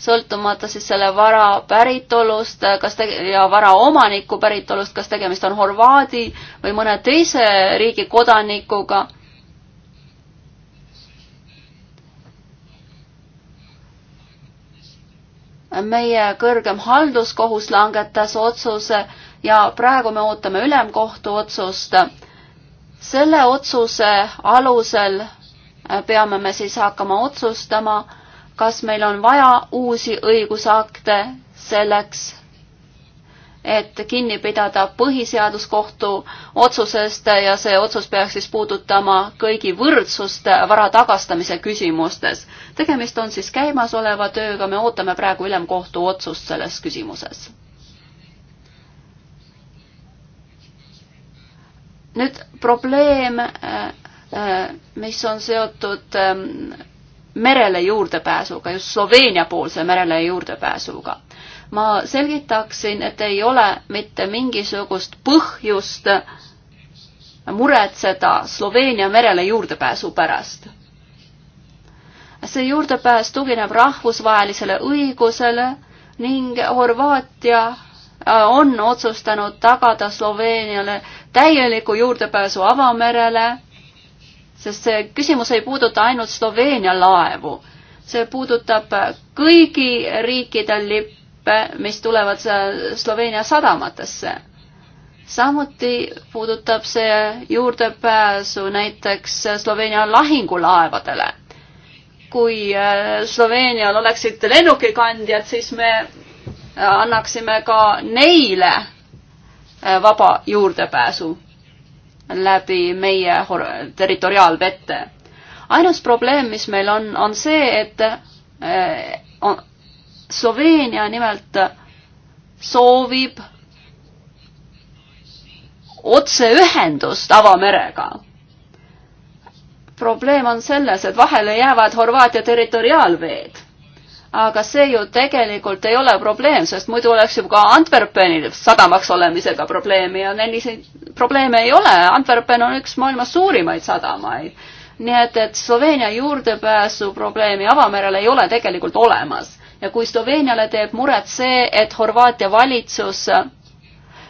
sõltumata siis selle vara päritolust, kas te- ja vara omaniku päritolust, kas tegemist on Horvaadi või mõne teise riigi kodanikuga. meie kõrgem halduskohus langetas otsuse ja praegu me ootame ülemkohtu otsust. selle otsuse alusel peame me siis hakkama otsustama kas meil on vaja uusi õigusakte selleks, et kinni pidada põhiseaduskohtu otsusest ja see otsus peaks siis puudutama kõigi võrdsust vara tagastamise küsimustes. tegemist on siis käimasoleva tööga, me ootame praegu ülemkohtu otsust selles küsimuses. nüüd probleem, eh, eh, mis on seotud eh, merele juurdepääsuga, just Sloveenia-poolse merele juurdepääsuga. ma selgitaksin, et ei ole mitte mingisugust põhjust muretseda Sloveenia merele juurdepääsu pärast. see juurdepääs tugineb rahvusvahelisele õigusele ning Horvaatia äh, on otsustanud tagada Sloveeniale täieliku juurdepääsu avamerele sest see küsimus ei puuduta ainult Sloveenia laevu, see puudutab kõigi riikide lippe, mis tulevad Sloveenia sadamatesse. samuti puudutab see juurdepääsu näiteks Sloveenia lahingulaevadele. kui Sloveenial oleksid lennukikandjad, siis me annaksime ka neile vaba juurdepääsu läbi meie territoriaalvete. ainus probleem, mis meil on, on see, et eh, on, Sloveenia nimelt soovib otseühendust avamerega. probleem on selles, et vahele jäävad Horvaatia territoriaalveed aga see ju tegelikult ei ole probleem, sest muidu oleks ju ka Antwerpenil sadamaks olemisega probleemi ja neil isegi probleeme ei ole. Antwerpen on üks maailma suurimaid sadamaid. nii et, et Sloveenia juurdepääsu probleemi avamerel ei ole tegelikult olemas ja kui Sloveeniale teeb muret see, et Horvaatia valitsus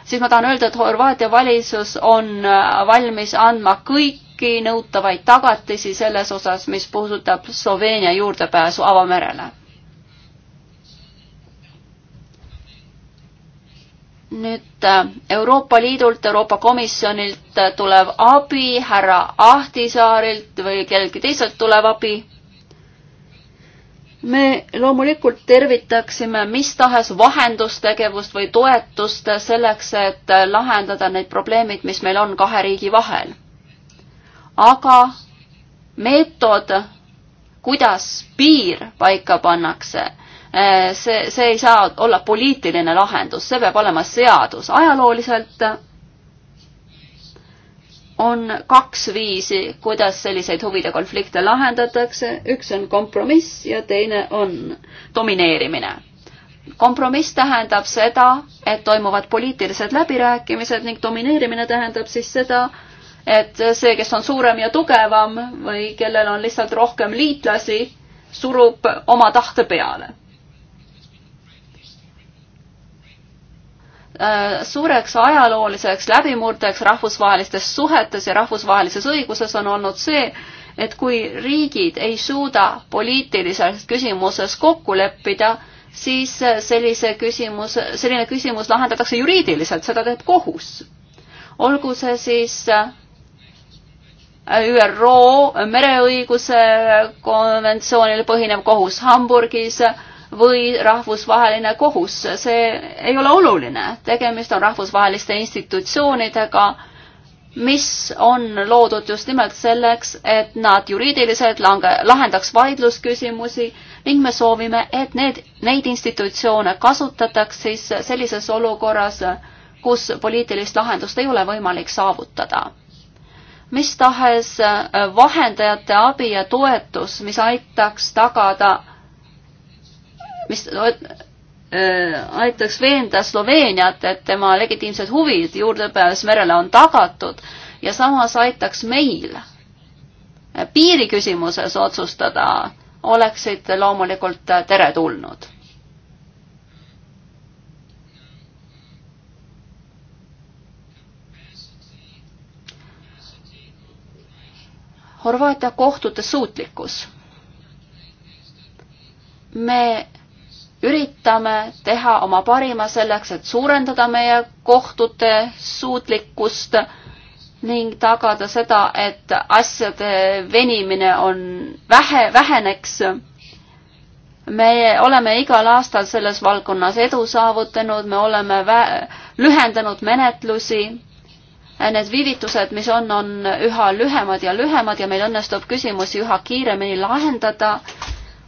siis ma tahan öelda, et Horvaatia valitsus on valmis andma kõiki nõutavaid tagatisi selles osas, mis puudutab Sloveenia juurdepääsu avamerele nüüd äh, Euroopa Liidult, Euroopa Komisjonilt äh, tulev abi, härra Ahtisaarilt või kelleltki teiselt tulev abi. me loomulikult tervitaksime mis tahes vahendustegevust või toetust selleks, et äh, lahendada need probleemid, mis meil on kahe riigi vahel. aga meetod, kuidas piir paika pannakse Eh, see, see ei saa olla poliitiline lahendus, see peab olema seadus. ajalooliselt on kaks viisi, kuidas selliseid huvide konflikte lahendatakse. üks on kompromiss ja teine on domineerimine. kompromiss tähendab seda, et toimuvad poliitilised läbirääkimised ning domineerimine tähendab siis seda, et see, kes on suurem ja tugevam või kellel on lihtsalt rohkem liitlasi, surub oma tahte peale Äh, suureks ajalooliseks läbimurdeks rahvusvahelistes suhetes ja rahvusvahelises õiguses on olnud see, et kui riigid ei suuda poliitilises küsimuses kokku leppida, siis sellise küsimus, selline küsimus lahendatakse juriidiliselt, seda teeb kohus. olgu see siis äh, ÜRO mereõiguse konventsioonil põhinev kohus Hamburgis või rahvusvaheline kohus, see ei ole oluline, tegemist on rahvusvaheliste institutsioonidega, mis on loodud just nimelt selleks, et nad juriidiliselt lange, lahendaks vaidlusküsimusi ning me soovime, et need, neid institutsioone kasutataks siis sellises olukorras, kus poliitilist lahendust ei ole võimalik saavutada mis tahes vahendajate abi ja toetus, mis aitaks tagada mis äh, aitaks veenda Sloveeniat, et tema legitiimsed huvid juurdepääs merele on tagatud ja samas aitaks meil piiriküsimuses otsustada, oleksid loomulikult teretulnud. Horvaatia kohtute suutlikkus. me üritame teha oma parima selleks, et suurendada meie kohtute suutlikkust ning tagada seda, et asjade venimine on vähe, väheneks. me oleme igal aastal selles valdkonnas edu saavutanud, me oleme lühendanud menetlusi need viivitused, mis on, on üha lühemad ja lühemad ja meil õnnestub küsimusi üha kiiremini lahendada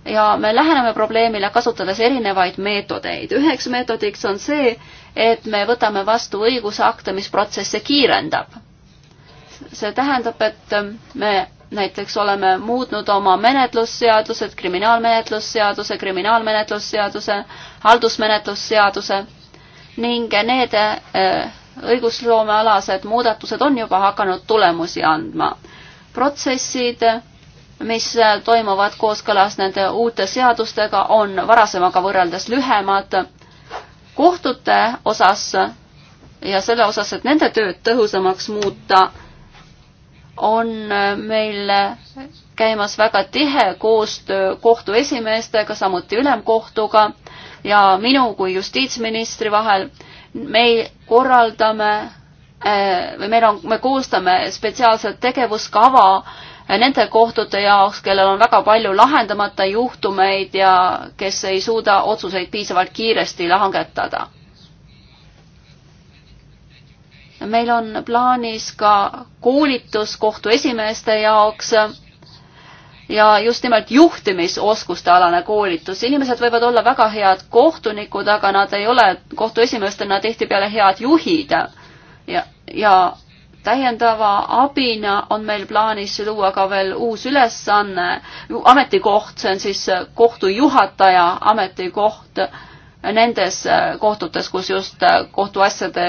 ja me läheneme probleemile kasutades erinevaid meetodeid. üheks meetodiks on see, et me võtame vastu õigusakte, mis protsesse kiirendab. see tähendab, et me näiteks oleme muutnud oma menetlusseadused, kriminaalmenetlusseaduse, kriminaalmenetlusseaduse, haldusmenetlusseaduse ning need eh, õigusloomealased muudatused on juba hakanud tulemusi andma. protsessid mis äh, toimuvad kooskõlas nende uute seadustega, on varasemaga võrreldes lühemad. kohtute osas ja selle osas, et nende tööd tõhusamaks muuta, on äh, meil käimas väga tihe koostöö kohtu esimeestega, samuti ülemkohtuga ja minu kui justiitsministri vahel. me korraldame äh, või meil on, me koostame spetsiaalset tegevuskava, nende kohtute jaoks, kellel on väga palju lahendamata juhtumeid ja kes ei suuda otsuseid piisavalt kiiresti langetada. meil on plaanis ka koolitus kohtu esimeeste jaoks ja just nimelt juhtimisoskuste alane koolitus. inimesed võivad olla väga head kohtunikud, aga nad ei ole kohtuesimeestena tihtipeale head juhid ja, ja täiendava abina on meil plaanis luua ka veel uus ülesanne, ametikoht, see on siis kohtu juhataja ametikoht nendes kohtutes, kus just kohtuasjade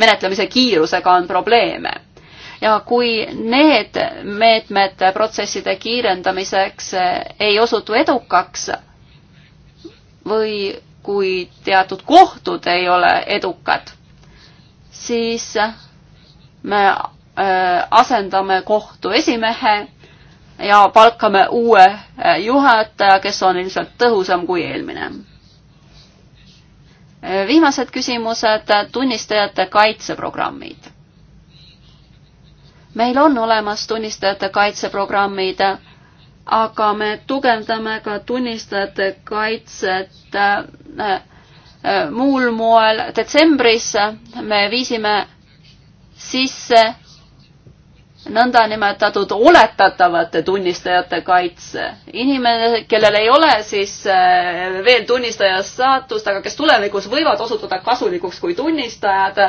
menetlemise kiirusega on probleeme. ja kui need meetmed protsesside kiirendamiseks ei osutu edukaks või kui teatud kohtud ei ole edukad, siis me äh, asendame kohtu esimehe ja palkame uue äh, juhataja, kes on ilmselt tõhusam kui eelmine. Äh, viimased küsimused, tunnistajate kaitseprogrammid. meil on olemas tunnistajate kaitseprogrammid, aga me tugevdame ka tunnistajate kaitset muul moel. detsembris me viisime sisse nõndanimetatud oletatavate tunnistajate kaitse. inimene, kellel ei ole siis äh, veel tunnistaja saatust, aga kes tulevikus võivad osutuda kasulikuks kui tunnistajad.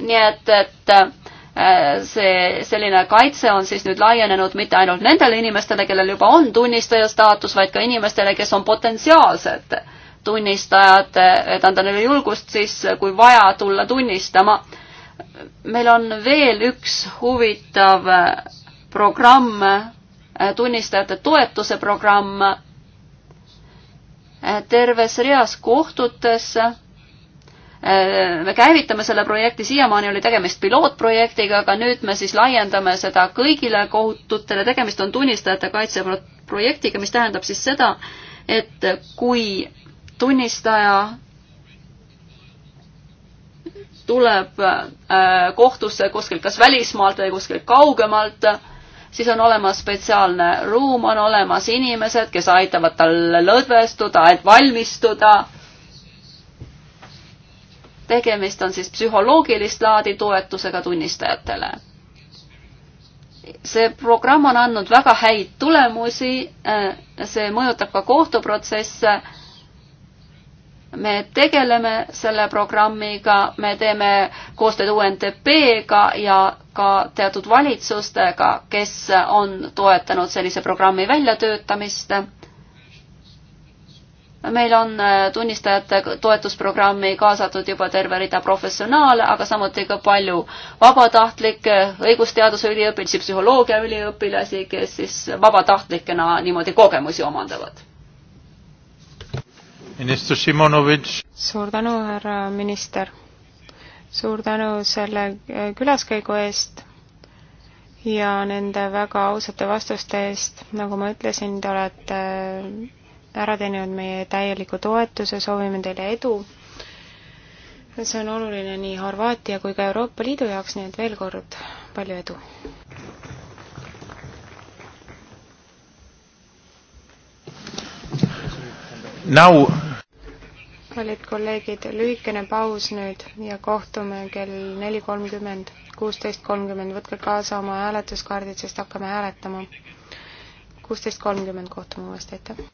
nii et, et äh, see selline kaitse on siis nüüd laienenud mitte ainult nendele inimestele, kellel juba on tunnistaja staatus, vaid ka inimestele, kes on potentsiaalsed tunnistajad, et anda neile julgust siis, kui vaja, tulla tunnistama meil on veel üks huvitav äh, programm, äh, tunnistajate toetuse programm äh, terves reas kohtutes. me käivitame selle projekti, siiamaani oli tegemist pilootprojektiga, aga nüüd me siis laiendame seda kõigile kohututele, tegemist on tunnistajate kaitseprojektiga, mis tähendab siis seda, et kui tunnistaja tuleb äh, kohtusse kuskilt kas välismaalt või kuskilt kaugemalt, siis on olemas spetsiaalne ruum, on olemas inimesed, kes aitavad tal lõdvestuda, et valmistuda. tegemist on siis psühholoogilist laadi toetusega tunnistajatele see programm on andnud väga häid tulemusi, äh, see mõjutab ka kohtuprotsesse me tegeleme selle programmiga, me teeme koostööd UNDP-ga ja ka teatud valitsustega, kes on toetanud sellise programmi väljatöötamist. meil on äh, tunnistajate toetusprogrammi kaasatud juba terve rida professionaale, aga samuti ka palju vabatahtlikke õigusteaduse üliõpilasi, psühholoogia üliõpilasi, kes siis vabatahtlikena niimoodi kogemusi omandavad minister Simonovitš. suur tänu, härra minister. suur tänu selle äh, külaskäigu eest ja nende väga ausate vastuste eest, nagu ma ütlesin, te olete äh, ära teeninud meie täieliku toetuse, soovime teile edu. see on oluline nii Horvaatia kui ka Euroopa Liidu jaoks, nii et veel kord palju edu! Now kallid kolleegid, lühikene paus nüüd ja kohtume kell neli kolmkümmend, kuusteist kolmkümmend, võtke kaasa oma hääletuskaardid, sest hakkame hääletama. kuusteist kolmkümmend kohtume uuesti, aitäh!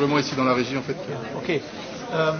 simplement ici dans la régie en fait. Ok. Euh, um...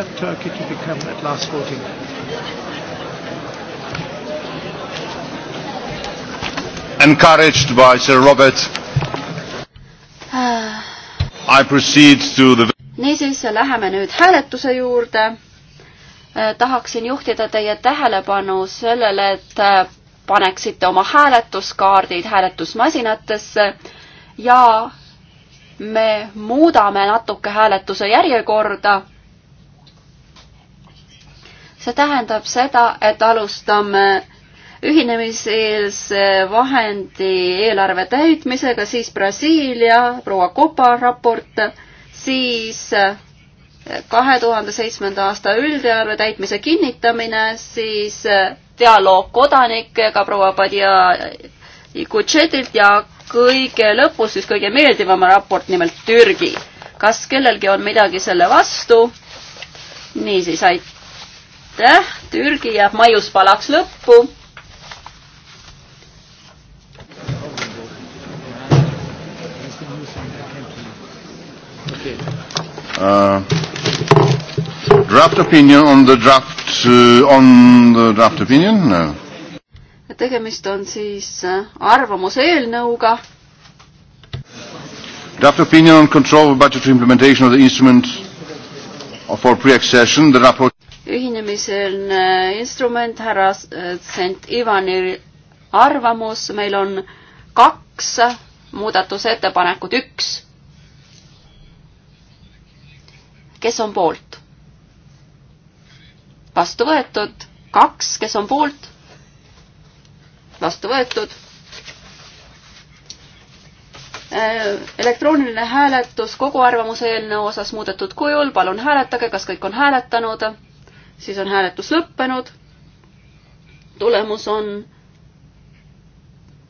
accept Turkey to become at last voting? Encouraged by Sir Robert, ah. I proceed to the niisiis, läheme nüüd hääletuse juurde. Eh, tahaksin juhtida teie tähelepanu sellele, et eh, paneksite oma hääletuskaardid hääletusmasinatesse ja me muudame natuke hääletuse järjekorda see tähendab seda, et alustame ühinemiseelse vahendi eelarve täitmisega, siis Brasiilia, proua Kopa raport, siis kahe tuhande seitsmenda aasta üldeelarve täitmise kinnitamine, siis dialoog kodanikega proua Padja Kutšetilt ja kõige lõpus siis kõige meeldivama raport, nimelt Türgi. kas kellelgi on midagi selle vastu? niisiis, aitäh aitäh, Türgi jääb maius palaks lõppu. Uh, draft opinion on the draft uh, on the draft opinion no. tegemist on siis uh, arvamuse eelnõuga draft opinion on control of budgetary implementation of the instrument for pre-accession the raport ühinemiseelne äh, instrument, härra äh, St Ivani arvamus, meil on kaks muudatusettepanekut, üks. kes on poolt? vastu võetud, kaks, kes on poolt? vastu võetud. Äh, elektrooniline hääletus kogu arvamuse eelnõu osas muudetud kujul, palun hääletage, kas kõik on hääletanud siis on hääletus lõppenud. tulemus on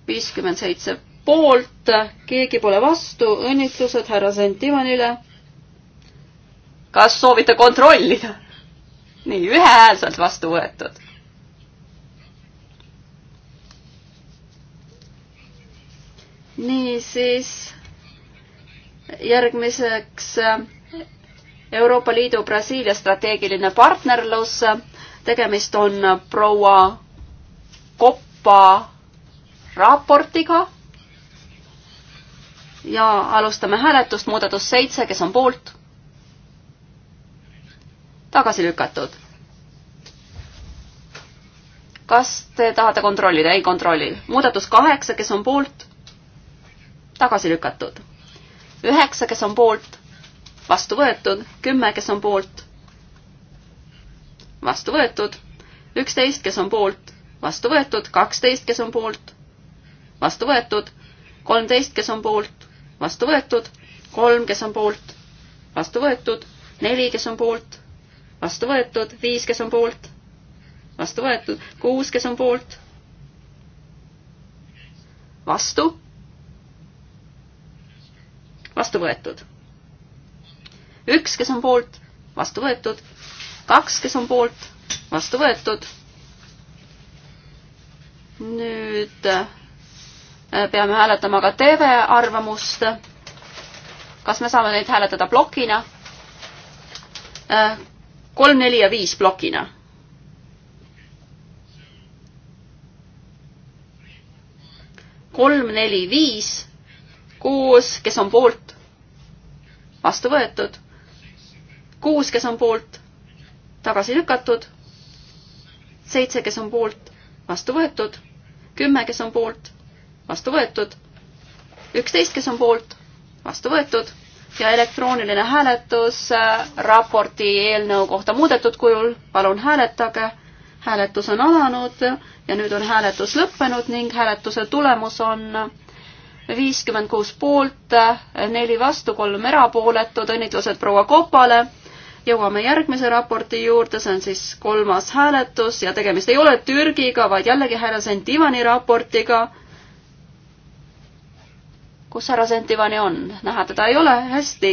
viiskümmend seitse poolt, keegi pole vastu, õnnitlused härra Sentimanile. kas soovite kontrollida? nii, ühehäälselt vastu võetud. niisiis järgmiseks Euroopa Liidu Brasiilia strateegiline partnerlus, tegemist on proua Koppa raportiga. ja alustame hääletust, muudatus seitse, kes on poolt? tagasi lükatud. kas te tahate kontrollida? ei kontrolli. muudatus kaheksa, kes on poolt? tagasi lükatud. üheksa, kes on poolt? vastu võetud, kümme, kes on poolt, vastu võetud, üksteist, kes on poolt, vastu võetud, kaksteist, kes on poolt, vastu võetud, kolmteist, kes on poolt, vastu võetud, kolm, kes on poolt, vastu võetud, neli, kes on poolt, vastu võetud, viis, kes on poolt, vastu võetud, kuus, kes on poolt, vastu, vastu võetud üks, kes on poolt, vastu võetud. kaks, kes on poolt, vastu võetud. nüüd äh, peame hääletama ka TV arvamust. kas me saame neid hääletada plokina? Äh, kolm, neli ja viis plokina kolm, neli, viis koos, kes on poolt, vastu võetud kuus, kes on poolt, tagasi lükatud. seitse, kes on poolt, vastu võetud. kümme, kes on poolt, vastu võetud. üksteist, kes on poolt, vastu võetud ja elektrooniline hääletus äh, raporti eelnõu kohta muudetud kujul. palun hääletage. hääletus on alanud ja nüüd on hääletus lõppenud ning hääletuse tulemus on viiskümmend kuus poolt, äh, neli vastu, kolm erapooletut, õnnitlused proua Kopale jõuame järgmise raporti juurde, see on siis kolmas hääletus ja tegemist ei ole Türgiga, vaid jällegi härra Sentivani raportiga. kus härra Sentivani on? näha, teda ei ole, hästi.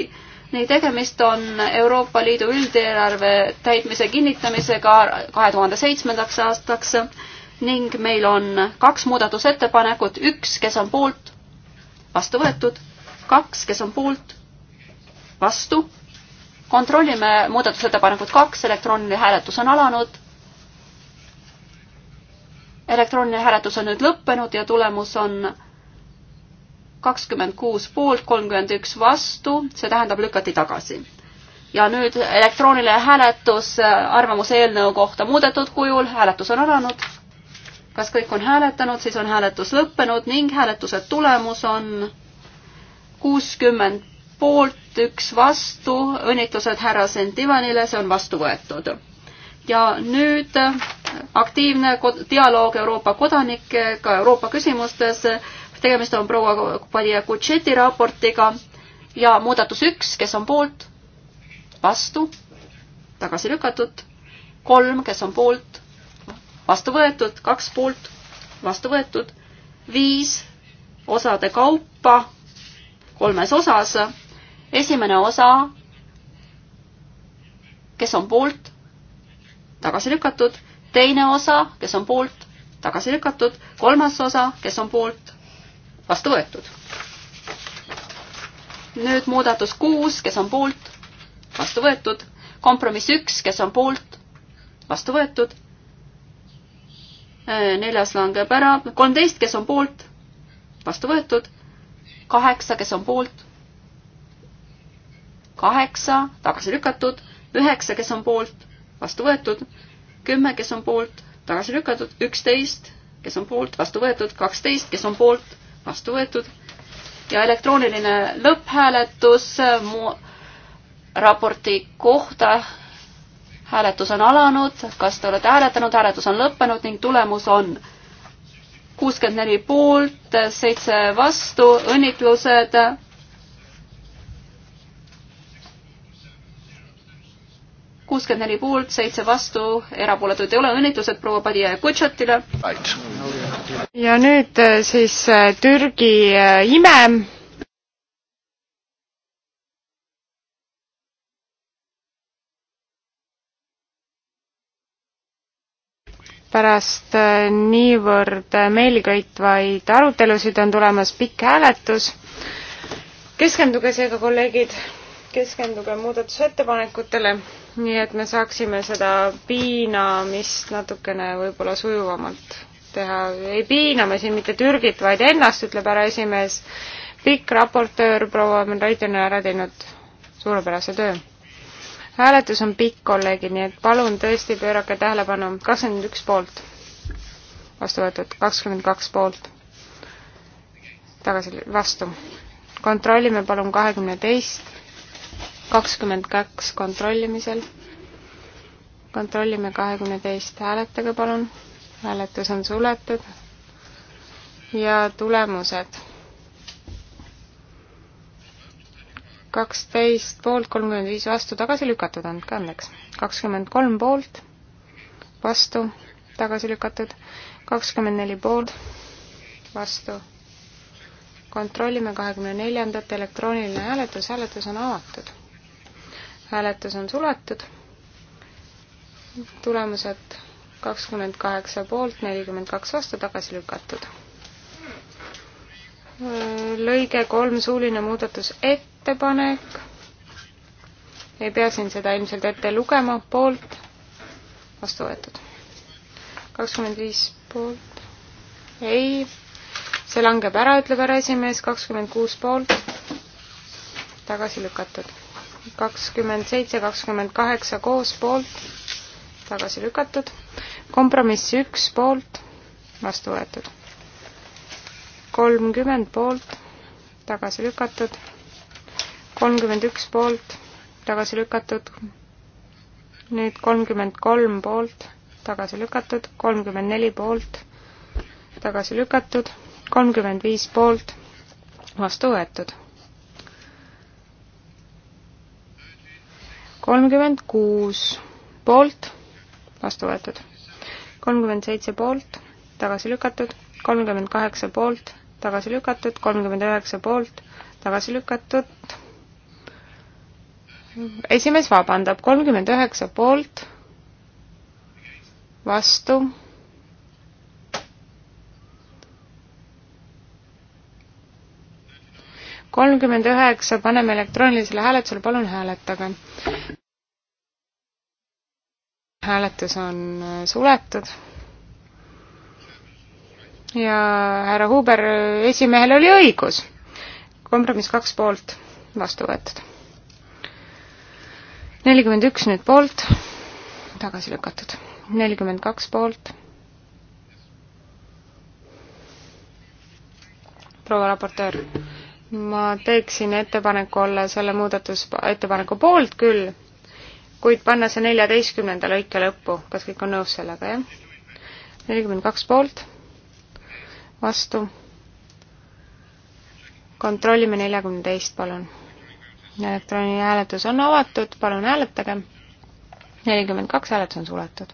nii, tegemist on Euroopa Liidu üldeelarve täitmise kinnitamisega kahe tuhande seitsmendaks aastaks ning meil on kaks muudatusettepanekut, üks, kes on poolt, vastu võetud, kaks, kes on poolt, vastu kontrollime muudatusettepanekut kaks, elektrooniline hääletus on alanud. elektrooniline hääletus on nüüd lõppenud ja tulemus on kakskümmend kuus poolt, kolmkümmend üks vastu, see tähendab lükati tagasi. ja nüüd elektrooniline hääletus arvamuse eelnõu kohta muudetud kujul, hääletus on alanud. kas kõik on hääletanud, siis on hääletus lõppenud ning hääletuse tulemus on kuuskümmend poolt, üks vastu, õnnitlused härra Sentivanile, see on vastu võetud. ja nüüd aktiivne dialoog Euroopa kodanikega Euroopa küsimustes, tegemist on proua Padija Kutšeti raportiga ja muudatus üks, kes on poolt, vastu, tagasi lükatud, kolm, kes on poolt, vastu võetud, kaks poolt, vastu võetud, viis osade kaupa kolmes osas esimene osa, kes on poolt, tagasi lükatud, teine osa, kes on poolt, tagasi lükatud, kolmas osa, kes on poolt, vastu võetud. nüüd muudatus kuus, kes on poolt, vastu võetud, kompromiss üks, kes on poolt, vastu võetud, äh, neljas langeb ära, kolmteist, kes on poolt, vastu võetud, kaheksa, kes on poolt, kaheksa, tagasi lükatud, üheksa, kes on poolt, vastu võetud, kümme, kes on poolt, tagasi lükatud, üksteist, kes on poolt, vastu võetud, kaksteist, kes on poolt, vastu võetud ja elektrooniline lõpphääletus mu raporti kohta. hääletus on alanud, kas te olete hääletanud, hääletus on lõppenud ning tulemus on kuuskümmend neli poolt, seitse vastu, õnnitlused kuuskümmend neli poolt, seitse vastu, erapooletuid ei ole, õnnitlused proua Padija ja Kutšatile. ja nüüd äh, siis äh, Türgi äh, ime. pärast niivõrd meeliköitvaid arutelusid on tulemas pikk hääletus. keskenduge seega, kolleegid keskenduge muudatusettepanekutele, nii et me saaksime seda piinamist natukene võib-olla sujuvamalt teha. ei piina me siin mitte Türgit, vaid ennast, ütleb härra esimees. pikk raportöör proua Menraidjon on ära teinud suurepärase töö. hääletus on pikk, kolleegid, nii et palun tõesti pöörake tähelepanu. kakskümmend üks poolt vastu võetud, kakskümmend kaks poolt tagasi, vastu kontrollime palun kahekümne teist kakskümmend kaks kontrollimisel. kontrollime kahekümne teist, hääletage palun. hääletus on suletud. ja tulemused. kaksteist poolt, kolmkümmend viis vastu, tagasi lükatud, andke andeks. kakskümmend kolm poolt, vastu, tagasi lükatud. kakskümmend neli poolt, vastu kontrollime kahekümne neljandat elektrooniline hääletus, hääletus on avatud hääletus on suletud. tulemused kakskümmend kaheksa poolt, nelikümmend kaks vastu, tagasi lükatud. lõige kolm, suuline muudatusettepanek. ei pea siin seda ilmselt ette lugema, poolt, vastu võetud. kakskümmend viis poolt, ei, see langeb ära, ütleb härra esimees, kakskümmend kuus poolt, tagasi lükatud kakskümmend seitse, kakskümmend kaheksa koos poolt, tagasi lükatud. kompromiss üks poolt, vastu võetud. kolmkümmend poolt, tagasi lükatud. kolmkümmend üks poolt, tagasi lükatud. nüüd kolmkümmend kolm poolt, tagasi lükatud. kolmkümmend neli poolt, tagasi lükatud. kolmkümmend viis poolt, vastu võetud kolmkümmend kuus poolt, vastu võetud. kolmkümmend seitse poolt, tagasi lükatud. kolmkümmend kaheksa poolt, tagasi lükatud. kolmkümmend üheksa poolt, tagasi lükatud. esimees vabandab, kolmkümmend üheksa poolt, vastu kolmkümmend üheksa, paneme elektroonilisele hääletusele, palun hääletage. hääletus on äh, suletud. ja härra Huber, äh, esimehel oli õigus. kompromiss kaks poolt, vastu võetud. nelikümmend üks nüüd poolt, tagasi lükatud. nelikümmend kaks poolt proua raportöör ma teeksin ettepaneku olla selle muudatusettepaneku poolt küll, kuid panna see neljateistkümnenda lõike lõppu, kas kõik on nõus sellega, jah? nelikümmend kaks poolt, vastu. kontrollime neljakümne teist, palun. elektrooniline hääletus on avatud, palun hääletage. nelikümmend kaks hääletus on suletud.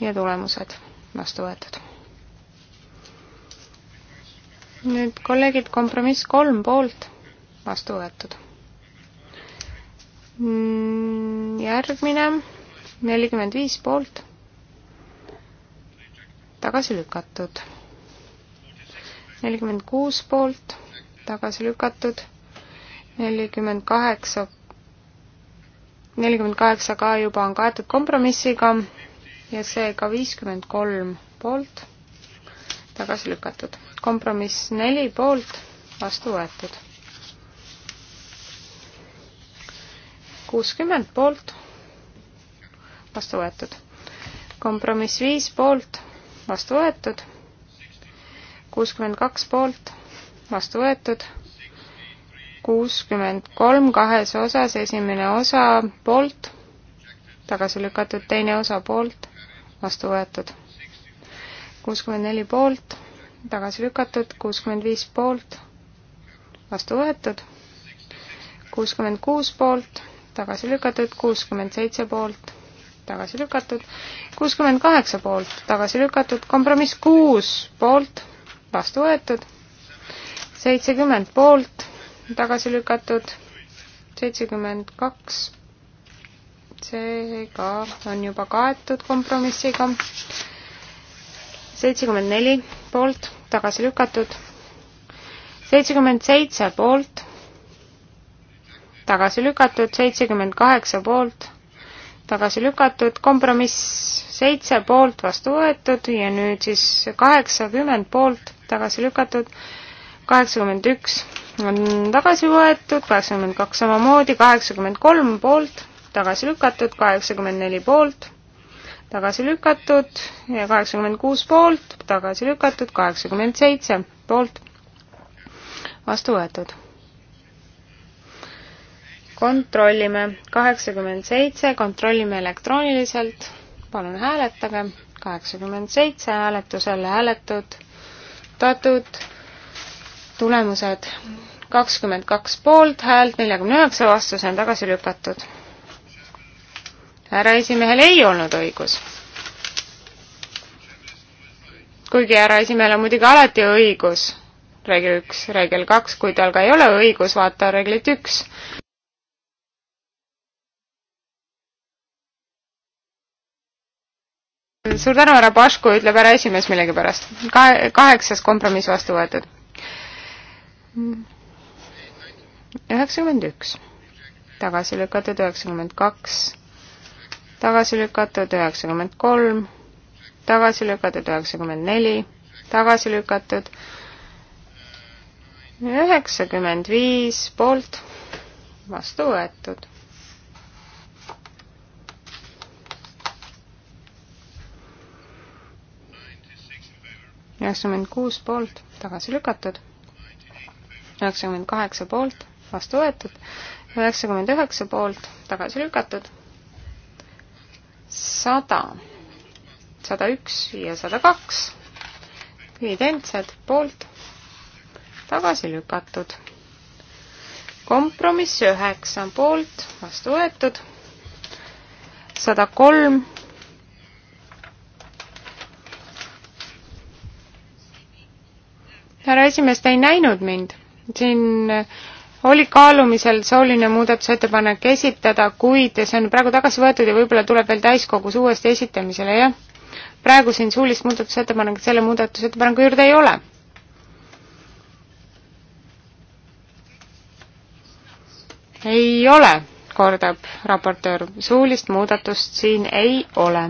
ja tulemused vastu võetud nüüd kolleegid, kompromiss kolm poolt, vastu võetud. Mm, järgmine, nelikümmend viis poolt, tagasi lükatud. nelikümmend kuus poolt, tagasi lükatud. nelikümmend kaheksa, nelikümmend kaheksa ka juba on kaetud kompromissiga ja seega viiskümmend kolm poolt, tagasi lükatud kompromiss neli poolt, vastu võetud. kuuskümmend poolt, vastu võetud. kompromiss viis poolt, vastu võetud. kuuskümmend kaks poolt, vastu võetud. kuuskümmend kolm kahes osas, esimene osa poolt, tagasi lükatud, teine osa poolt, vastu võetud. kuuskümmend neli poolt tagasi lükatud, kuuskümmend viis poolt, vastu võetud, kuuskümmend kuus poolt, tagasi lükatud, kuuskümmend seitse poolt, tagasi lükatud, kuuskümmend kaheksa poolt, tagasi lükatud, kompromiss kuus poolt, vastu võetud, seitsekümmend poolt, tagasi lükatud, seitsekümmend kaks, seega on juba kaetud kompromissiga seitsekümmend neli poolt, tagasi lükatud. seitsekümmend seitse poolt, tagasi lükatud, seitsekümmend kaheksa poolt, tagasi lükatud, kompromiss seitse poolt vastu võetud ja nüüd siis kaheksakümmend poolt tagasi lükatud, kaheksakümmend üks on tagasi võetud, kaheksakümmend kaks samamoodi, kaheksakümmend kolm poolt tagasi lükatud, kaheksakümmend neli poolt tagasi lükatud ja kaheksakümmend kuus poolt, tagasi lükatud, kaheksakümmend seitse poolt, vastu võetud. kontrollime, kaheksakümmend seitse, kontrollime elektrooniliselt, palun hääletage, kaheksakümmend seitse hääletusele hääletatud tulemused kakskümmend kaks poolthäält, neljakümne üheksa vastu, see on tagasi lükatud härra esimehel ei olnud õigus. kuigi härra esimehel on muidugi alati õigus, reegel üks, reegel kaks, kui tal ka ei ole õigus, vaata reeglit üks. suur tänu, härra Pašku, ütleb härra esimees millegipärast. Kahe, kaheksas kompromiss vastu võetud. üheksakümmend üks, tagasi lükatud üheksakümmend kaks tagasi lükatud üheksakümmend kolm, tagasi lükatud üheksakümmend neli, tagasi lükatud üheksakümmend viis poolt, vastu võetud. üheksakümmend kuus poolt, tagasi lükatud, üheksakümmend kaheksa poolt, vastu võetud, üheksakümmend üheksa poolt, tagasi lükatud sada, sada üks ja sada kaks, identsed, poolt, tagasi lükatud. kompromiss üheksa, poolt, vastu võetud, sada kolm, härra esimees, te ei näinud mind siin oli kaalumisel sooline muudatusettepanek esitada, kuid see on praegu tagasi võetud ja võib-olla tuleb veel täiskogus uuesti esitamisele, jah. praegu siin suulist muudatusettepanekut selle muudatusettepaneku juurde ei ole. ei ole, kordab raportöör, suulist muudatust siin ei ole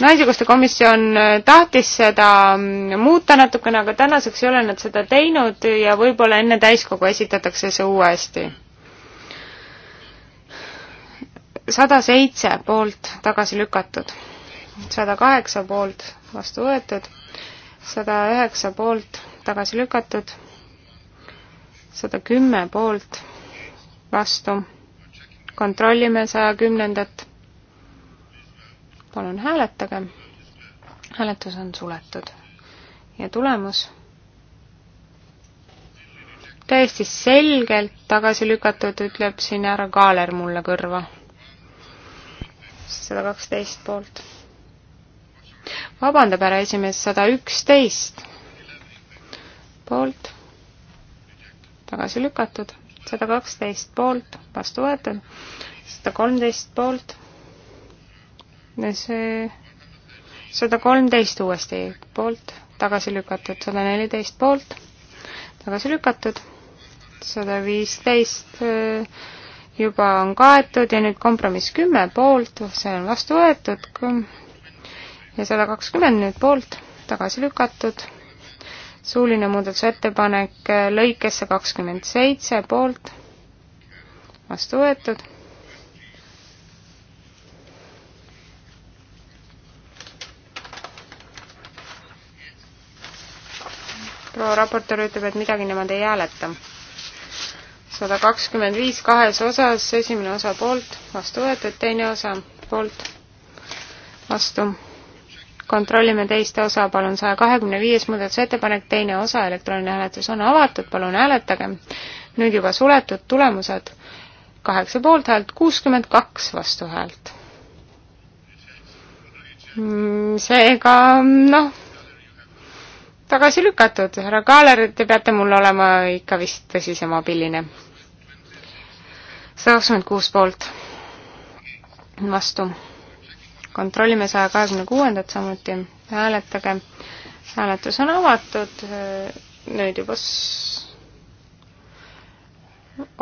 naisõiguste komisjon äh, tahtis seda mm, muuta natukene, aga tänaseks ei ole nad seda teinud ja võib-olla enne täiskogu esitatakse see uuesti. sada seitse poolt tagasi lükatud, sada kaheksa poolt vastu võetud, sada üheksa poolt tagasi lükatud, sada kümme poolt vastu kontrollime saja kümnendat palun hääletage. hääletus on suletud ja tulemus täiesti selgelt tagasi lükatud, ütleb siin härra Kaaler mulle kõrva. sada kaksteist poolt. vabandab, härra esimees, sada üksteist poolt, tagasi lükatud, sada kaksteist poolt, vastu võetud, sada kolmteist poolt see sada kolmteist uuesti poolt, tagasi lükatud, sada neliteist poolt, tagasi lükatud, sada viisteist äh, juba on kaetud ja nüüd kompromiss kümme poolt, see on vastu võetud ja sada kakskümmend nüüd poolt, tagasi lükatud, suuline muudatusettepanek äh, lõikesse kakskümmend seitse poolt, vastu võetud proua raportöör ütleb, et midagi nemad ei hääleta. sada kakskümmend viis kahes osas, esimene osa poolt, vastu võetud, teine osa poolt, vastu. kontrollime teist osa, palun, saja kahekümne viies muudatusettepanek, teine osa, elektrooniline hääletus on avatud, palun hääletage. nüüd juba suletud tulemused, kaheksa poolthäält, kuuskümmend kaks vastuhäält. Mm, seega noh tagasi lükatud. härra Kaaler, te peate mul olema ikka vist tõsisem abiline. sada kakskümmend kuus poolt, vastu. kontrollime saja kahekümne kuuendat samuti, hääletage. hääletus on avatud, nüüd juba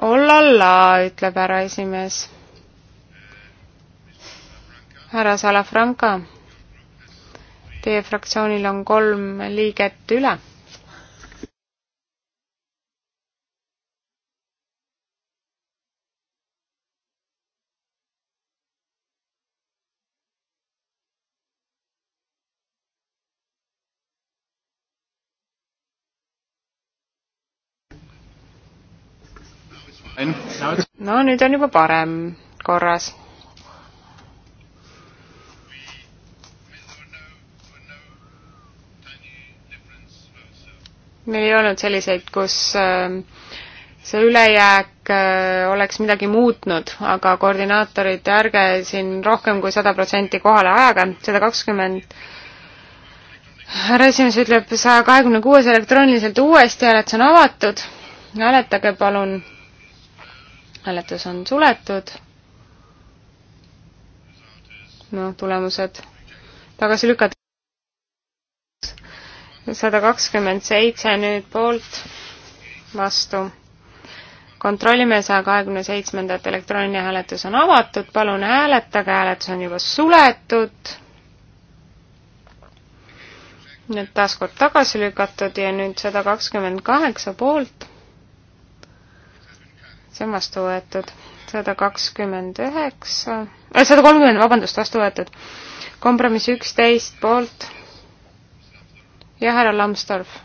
ollalla, ütleb härra esimees. härra Salafranca Teie fraktsioonil on kolm liiget üle. no nüüd on juba parem korras meil ei olnud selliseid, kus ähm, see ülejääk äh, oleks midagi muutnud, aga koordinaatorid, ärge siin rohkem kui sada protsenti kohale ajage, sada kakskümmend härra esimees ütleb saja kahekümne kuues elektrooniliselt uuesti, hääletus on avatud, hääletage palun, hääletus on suletud noh, tulemused tagasi lükata sada kakskümmend seitse nüüd poolt, vastu. kontrollime saja kahekümne seitsmendat, elektrooniline hääletus on avatud, palun hääletage, hääletus on juba suletud. nüüd taaskord tagasi lükatud ja nüüd sada kakskümmend kaheksa poolt. see on vastu võetud, sada kakskümmend üheksa, äh, sada kolmkümmend, vabandust, vastu võetud. kompromiss üksteist poolt ja härra Lambsdorff.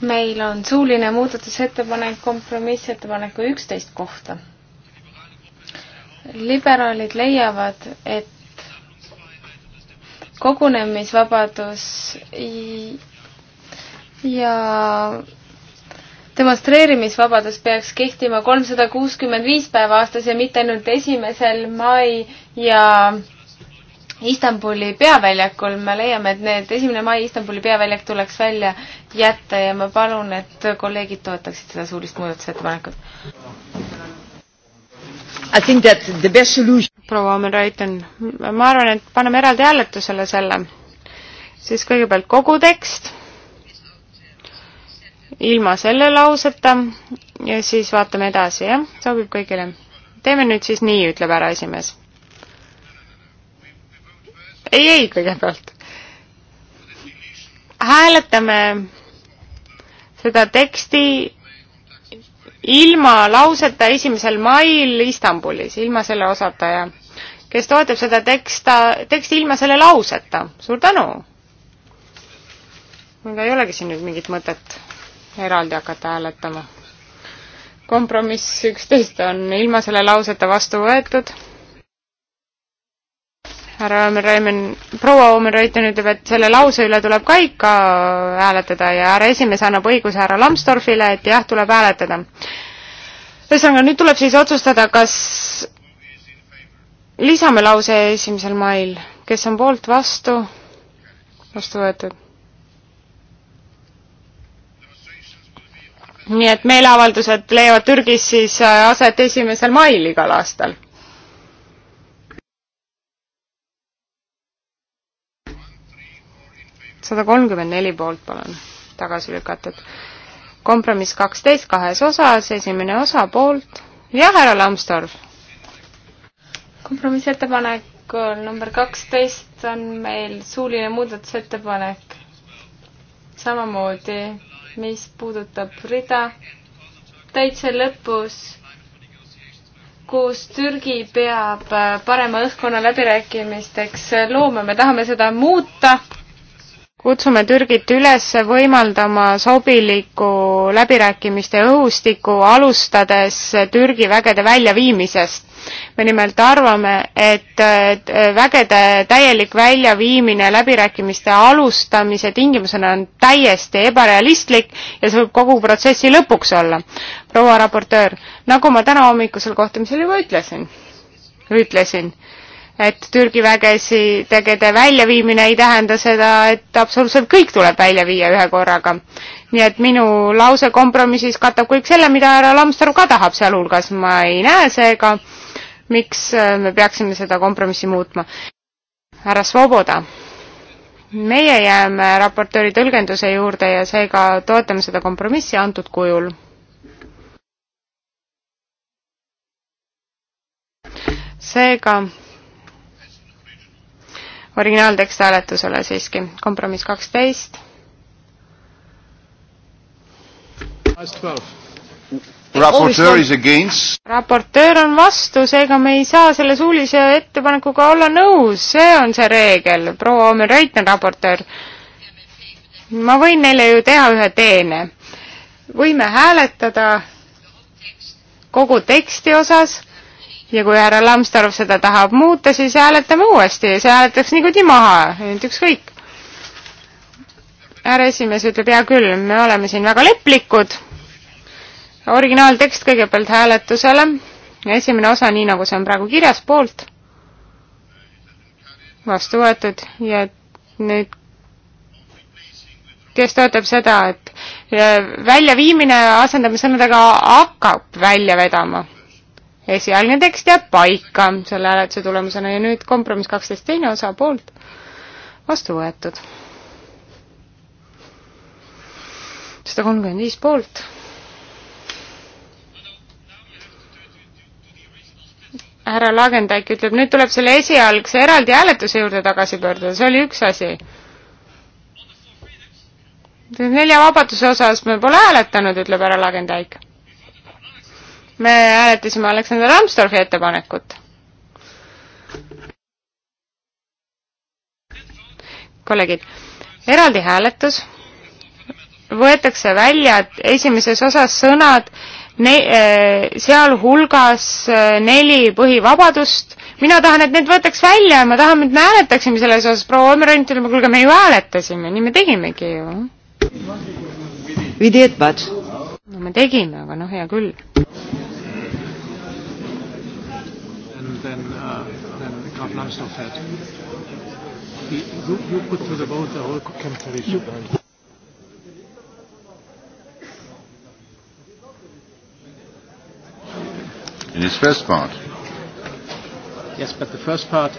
meil on suuline muudatusettepanek kompromissettepaneku üksteist kohta. liberaalid leiavad, et kogunemisvabadus ja demonstreerimisvabadus peaks kehtima kolmsada kuuskümmend viis päeva aastas ja mitte ainult esimesel mai ja Istanbuli peaväljakul me leiame, et need esimene mai Istanbuli peaväljak tuleks välja jätta ja ma palun, et kolleegid toetaksid seda suulist muudatusettepanekut. proua Omen-Reuten, ma arvan, et paneme eraldi hääletusele selle, siis kõigepealt kogu tekst ilma selle lauseta ja siis vaatame edasi, jah, sobib kõigile. teeme nüüd siis nii, ütleb härra esimees. ei, ei, kõigepealt. hääletame seda teksti ilma lauseta esimesel mail Istanbulis, ilma selle osata ja kes toetab seda teksta, teksti ilma selle lauseta, suur tänu! mul ei olegi siin nüüd mingit mõtet eraldi hakata hääletama. kompromiss üksteist on ilma selle lauseta vastu võetud. härra Omen-Reimen, proua Omen-Reiten ütleb, et selle lause üle tuleb ka ikka hääletada ja härra esimees annab õiguse härra Lambsdorffile, et jah, tuleb hääletada. ühesõnaga, nüüd tuleb siis otsustada, kas lisame lause esimesel mail, kes on poolt, vastu, vastu võetud nii et meeleavaldused leiavad Türgis siis äh, aset esimesel mail igal aastal. sada kolmkümmend neli poolt, palun, tagasi lükatud. kompromiss kaksteist kahes osas, esimene osa poolt. jah, härra Lambsdorff. kompromissettepanek number kaksteist on meil suuline muudatusettepanek. samamoodi mis puudutab rida täitsa lõpus, kus Türgi peab parema õhkkonna läbirääkimisteks looma, me tahame seda muuta. kutsume Türgit üles võimaldama sobiliku läbirääkimiste õhustiku, alustades Türgi vägede väljaviimisest me nimelt arvame, et vägede täielik väljaviimine läbirääkimiste alustamise tingimusena on täiesti ebarealistlik ja see võib kogu protsessi lõpuks olla. proua raportöör, nagu ma täna hommikusel kohtumisel juba ütlesin, ütlesin, et Türgi vägesi tegede väljaviimine ei tähenda seda, et absoluutselt kõik tuleb välja viia ühe korraga. nii et minu lause kompromissis katab kõik selle, mida härra Lamstorp ka tahab, sealhulgas ma ei näe seega ka miks äh, me peaksime seda kompromissi muutma. härra Svoboda, meie jääme raportööri tõlgenduse juurde ja seega toetame seda kompromissi antud kujul. seega originaaltekst hääletusele siiski, kompromiss kaksteist raportöör on vastu, seega me ei saa selle suulise ettepanekuga olla nõus, see on see reegel, proua Omen-Reit on raportöör. ma võin neile ju teha ühe teene. võime hääletada kogu teksti osas ja kui härra Lamstorf seda tahab muuta, siis hääletame uuesti ja see hääletaks niikuinii maha, et ükskõik. härra esimees ütleb, hea küll, me oleme siin väga leplikud originaaltekst kõigepealt hääletusele, esimene osa, nii nagu see on praegu kirjas, poolt, vastu võetud ja nüüd kes toetab seda, et väljaviimine asendame sõnadega hakkab välja vedama. esialgne tekst jääb paika selle hääletuse tulemusena ja nüüd kompromiss kaksteist teine osa poolt vastu võetud. sada kolmkümmend viis poolt härra Lagendaik ütleb, nüüd tuleb selle esialgse eraldi hääletuse juurde tagasi pöörduda, see oli üks asi. nelja vabaduse osas me pole hääletanud, ütleb härra Lagendaik. me hääletasime Aleksander Amstorfi ettepanekut. kolleegid, eraldi hääletus, võetakse välja esimeses osas sõnad ne-, äh, sealhulgas äh, neli põhivabadust, mina tahan, et need võetaks välja ja ma tahan, et me hääletaksime selles osas, proua Omerant ütleb, kuulge, me ju hääletasime, nii me tegimegi ju. We did but. no me tegime, aga noh, hea küll. And then uh, then Graf Lambsdorff had. You, you put to the vote the whole company. in his first part. Yes, but the first part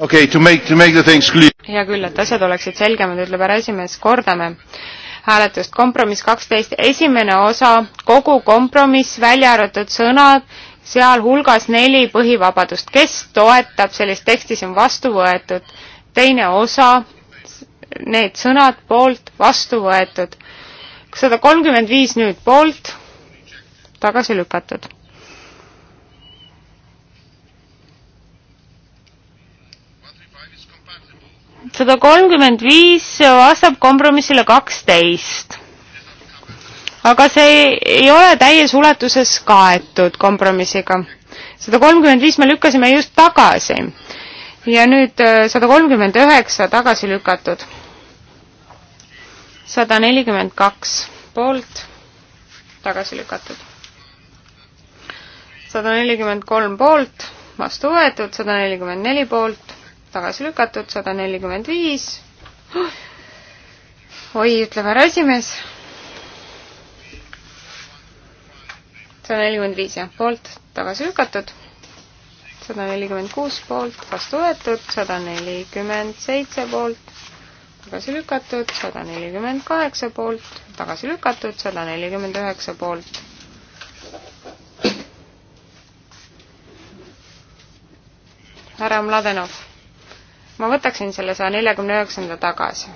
okay, to make, to make the things clear. hea küll, et asjad oleksid selgemad, ütleb härra esimees, kordame hääletust. kompromiss kaksteist, esimene osa, kogu kompromiss, välja arvatud sõnad, sealhulgas neli põhivabadust. kes toetab sellist teksti, see on vastu võetud. teine osa need sõnad poolt vastu võetud. sada kolmkümmend viis nüüd poolt tagasi lükatud. sada kolmkümmend viis vastab kompromissile kaksteist. aga see ei ole täies ulatuses kaetud kompromissiga. sada kolmkümmend viis me lükkasime just tagasi ja nüüd äh, sada kolmkümmend üheksa tagasi lükatud sada nelikümmend kaks poolt, tagasi lükatud. sada nelikümmend kolm poolt, vastu võetud, sada nelikümmend neli poolt, tagasi lükatud, sada nelikümmend viis. oi, ütleb härra esimees. sada nelikümmend viis jah, poolt, tagasi lükatud sada nelikümmend kuus poolt, vastu võetud, sada nelikümmend seitse poolt, tagasi lükatud, sada nelikümmend kaheksa poolt, tagasi lükatud, sada nelikümmend üheksa poolt. härra Mladenov, ma võtaksin selle saja neljakümne üheksanda tagasi.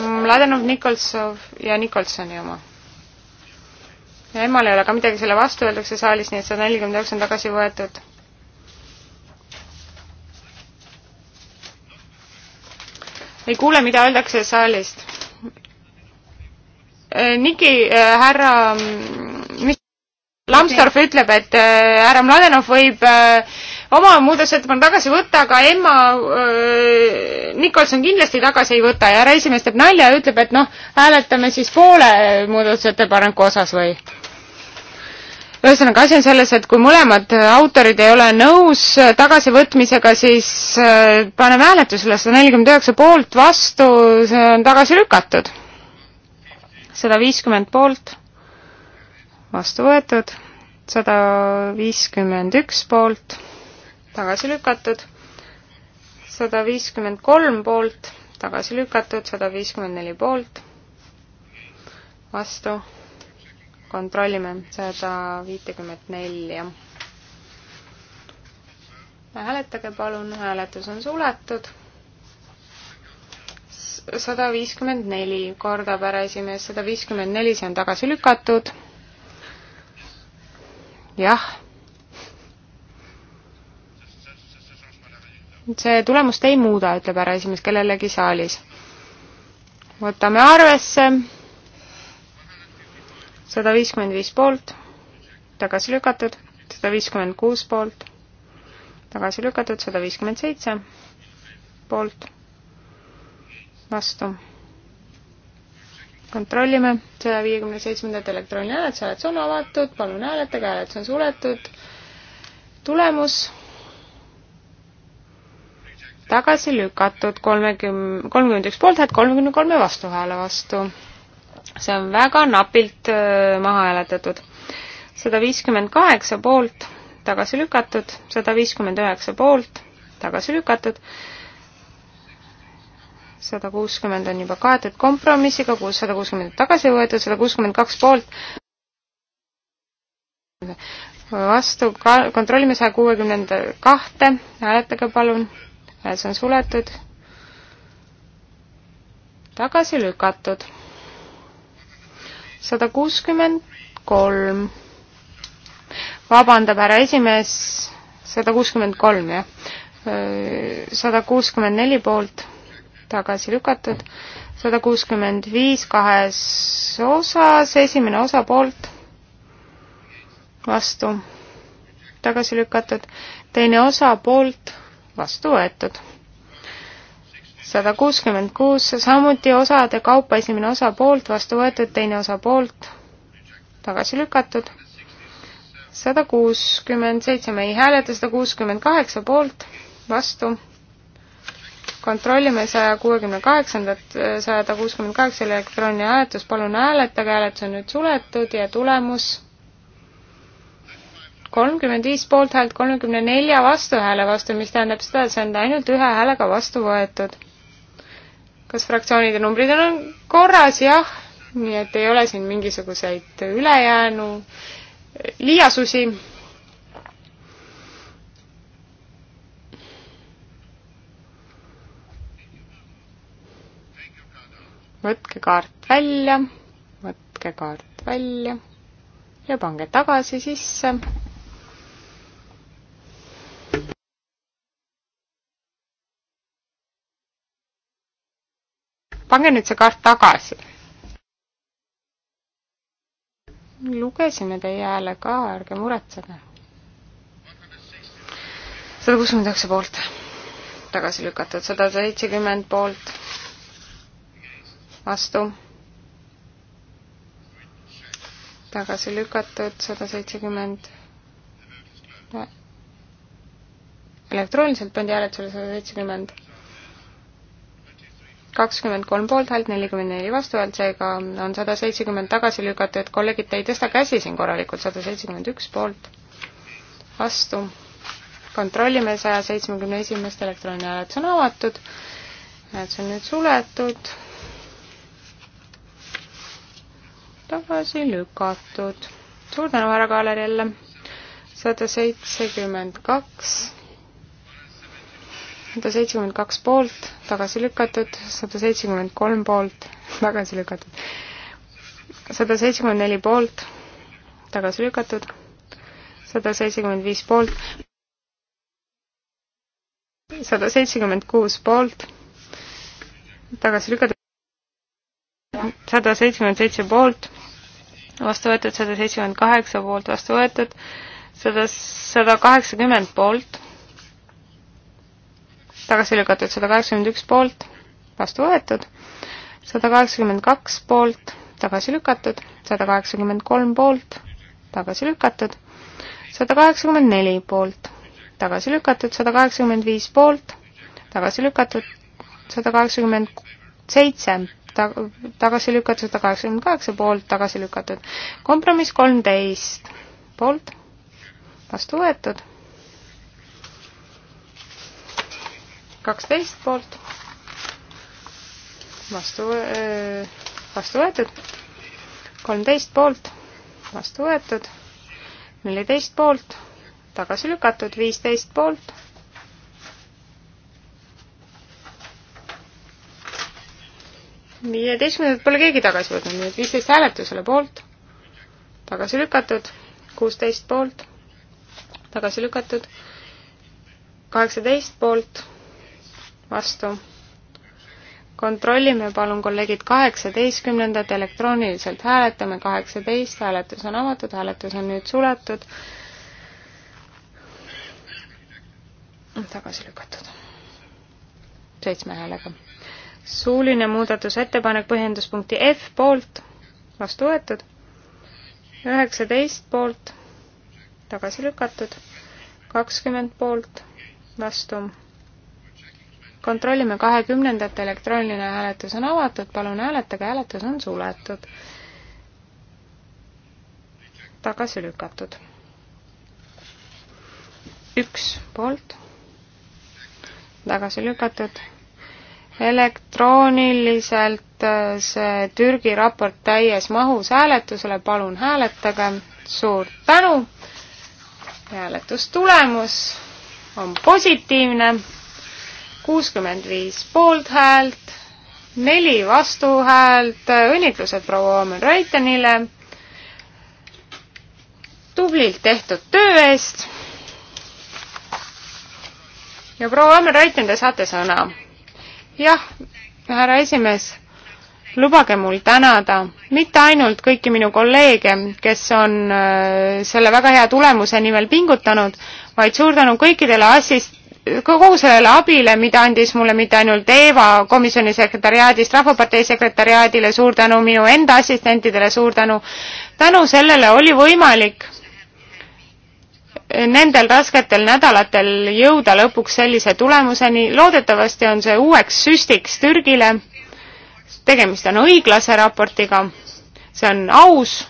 Mladenov, Nikolsov ja Nikolsoni oma. ja emal ei ole ka midagi selle vastu, öeldakse saalis, nii et sada nelikümmend üheksa on tagasi võetud ei kuule, mida öeldakse saalist. Äh, Niki äh,, härra, mm, mis Lambsdorff ütleb, et äh, härra Mladenov võib äh, oma muudatusettepaneku tagasi võtta, aga Emma äh, Nikolson kindlasti tagasi ei võta ja härra esimees teeb nalja ja ütleb, et noh, hääletame siis poole muudatusettepaneku osas või? ühesõnaga, asi on selles, et kui mõlemad autorid ei ole nõus tagasivõtmisega, siis äh, paneme hääletusele sada nelikümmend üheksa poolt, vastu, see on tagasi lükatud. sada viiskümmend poolt, vastu võetud, sada viiskümmend üks poolt, tagasi lükatud, sada viiskümmend kolm poolt, tagasi lükatud, sada viiskümmend neli poolt, vastu kontrollime sada viitekümmet nelja. hääletage palun, hääletus on suletud. sada viiskümmend neli, kordab ära esimees, sada viiskümmend neli, see on tagasi lükatud. jah. see tulemust ei muuda, ütleb ära esimees kellelegi saalis. võtame arvesse sada viiskümmend viis poolt, tagasi lükatud, sada viiskümmend kuus poolt, tagasi lükatud, sada viiskümmend seitse poolt, vastu. kontrollime, saja viiekümne seitsmendat elektrooniline hääletus, hääletus on avatud, palun hääletage, hääletus on suletud. tulemus tagasi lükatud kolmekümne, kolmkümmend üks poolthäält kolmekümne kolme vastuhääle vastu, vastu see on väga napilt maha hääletatud. sada viiskümmend kaheksa poolt, tagasi lükatud, sada viiskümmend üheksa poolt, tagasi lükatud, sada kuuskümmend on juba kaetud kompromissiga, kuus, sada kuuskümmend tagasi võetud, sada kuuskümmend kaks poolt, vastu ka-, kontrollime saja kuuekümnenda kahte, hääletage palun, see on suletud, tagasi lükatud sada kuuskümmend kolm. vabandab, härra esimees, sada kuuskümmend kolm, jah. sada kuuskümmend neli poolt tagasi lükatud, sada kuuskümmend viis kahes osas, esimene osa poolt, vastu, tagasi lükatud, teine osa poolt, vastu võetud sada kuuskümmend kuus, samuti osade kaupa esimene osa poolt, vastu võetud, teine osa poolt, tagasi lükatud. sada kuuskümmend seitse me ei hääleta, sada kuuskümmend kaheksa poolt, vastu. kontrollime saja kuuekümne kaheksandat, sada kuuskümmend kaheksa oli elektrooniline hääletus, palun hääletage, hääletus on nüüd suletud ja tulemus kolmkümmend viis poolthäält kolmekümne nelja vastuhääle vastu, vastu, mis tähendab seda, et see on ainult ühe häälega vastu võetud kas fraktsioonide numbrid on korras, jah, nii et ei ole siin mingisuguseid ülejäänu liiasusi. võtke kaart välja, võtke kaart välja ja pange tagasi sisse pange nüüd see kaart tagasi. lugesime teie hääle ka, ärge muretsege. sada kuuskümmend üheksa poolt, tagasi lükatud, sada seitsekümmend poolt, vastu, tagasi lükatud, sada seitsekümmend elektrooniliselt pandi hääletusele sada seitsekümmend kakskümmend kolm poolthäält, nelikümmend neli vastuhäält, seega on sada seitsekümmend tagasi lükatud, kolleegid, te ei tõsta käsi siin korralikult, sada seitsekümmend üks poolt, vastu. kontrollime saja seitsmekümne esimest, elektrooniline hääletus on avatud, hääletus on nüüd suletud, tagasi lükatud. suur tänu, härra Kaaler jälle, sada seitsekümmend kaks sada seitsekümmend kaks poolt, tagasi lükatud, sada seitsekümmend kolm poolt, tagasi lükatud, sada seitsekümmend neli poolt, tagasi lükatud, sada seitsekümmend viis poolt, sada seitsekümmend kuus poolt, tagasi lükatud, sada seitsekümmend seitse poolt, vastu võetud sada seitsekümmend kaheksa poolt, vastu võetud sada, sada kaheksakümmend poolt tagasi lükatud sada kaheksakümmend üks poolt, vastu võetud, sada kaheksakümmend kaks poolt, tagasi lükatud, sada kaheksakümmend kolm poolt, tagasi lükatud, sada kaheksakümmend neli poolt, tagasi lükatud, sada kaheksakümmend viis poolt, tagasi lükatud, sada kaheksakümmend seitse ta-, tagasi lükatud, sada kaheksakümmend kaheksa poolt, tagasi lükatud. kompromiss kolmteist poolt, vastu võetud kaksteist poolt, vastu, äh, vastu võetud, kolmteist poolt, vastu võetud, neliteist poolt, tagasi lükatud, viisteist poolt, viieteistkümnendat pole keegi tagasi võtnud, nii et viisteist hääletusele poolt, tagasi lükatud, kuusteist poolt, tagasi lükatud, kaheksateist poolt vastu. kontrollime palun, kolleegid, kaheksateistkümnendat elektrooniliselt hääletame, kaheksateist, hääletus on avatud, hääletus on nüüd suletud. tagasi lükatud. seitsme häälega. suuline muudatusettepanek põhjenduspunkti F poolt, vastu võetud. üheksateist poolt, tagasi lükatud. kakskümmend poolt, vastu kontrollime kahekümnendat, elektrooniline hääletus on avatud, palun hääletage, hääletus on suletud. tagasi lükatud. üks poolt, tagasi lükatud. elektrooniliselt äh, see Türgi raport täies mahus hääletusele, palun hääletage, suur tänu. hääletustulemus on positiivne kuuskümmend viis poolthäält, neli vastuhäält, õnnitlused proua Omen Reutenile tublilt tehtud töö eest. ja proua Omen Reuten, te saate sõna. jah, härra esimees, lubage mul tänada mitte ainult kõiki minu kolleege, kes on äh, selle väga hea tulemuse nimel pingutanud, vaid suur tänu kõikidele assist-, kogu sellele abile, mida andis mulle mitte ainult Eeva komisjoni sekretäriaadist, Rahvapartei sekretäriaadile suur tänu, minu enda assistentidele suur tänu. tänu sellele oli võimalik nendel rasketel nädalatel jõuda lõpuks sellise tulemuseni, loodetavasti on see uueks süstiks Türgile, tegemist on õiglase raportiga, see on aus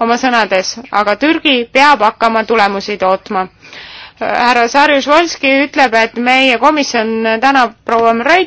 oma sõnades, aga Türgi peab hakkama tulemusi tootma härra Sarjušvolski ütleb, et meie komisjon tänab proua Mrait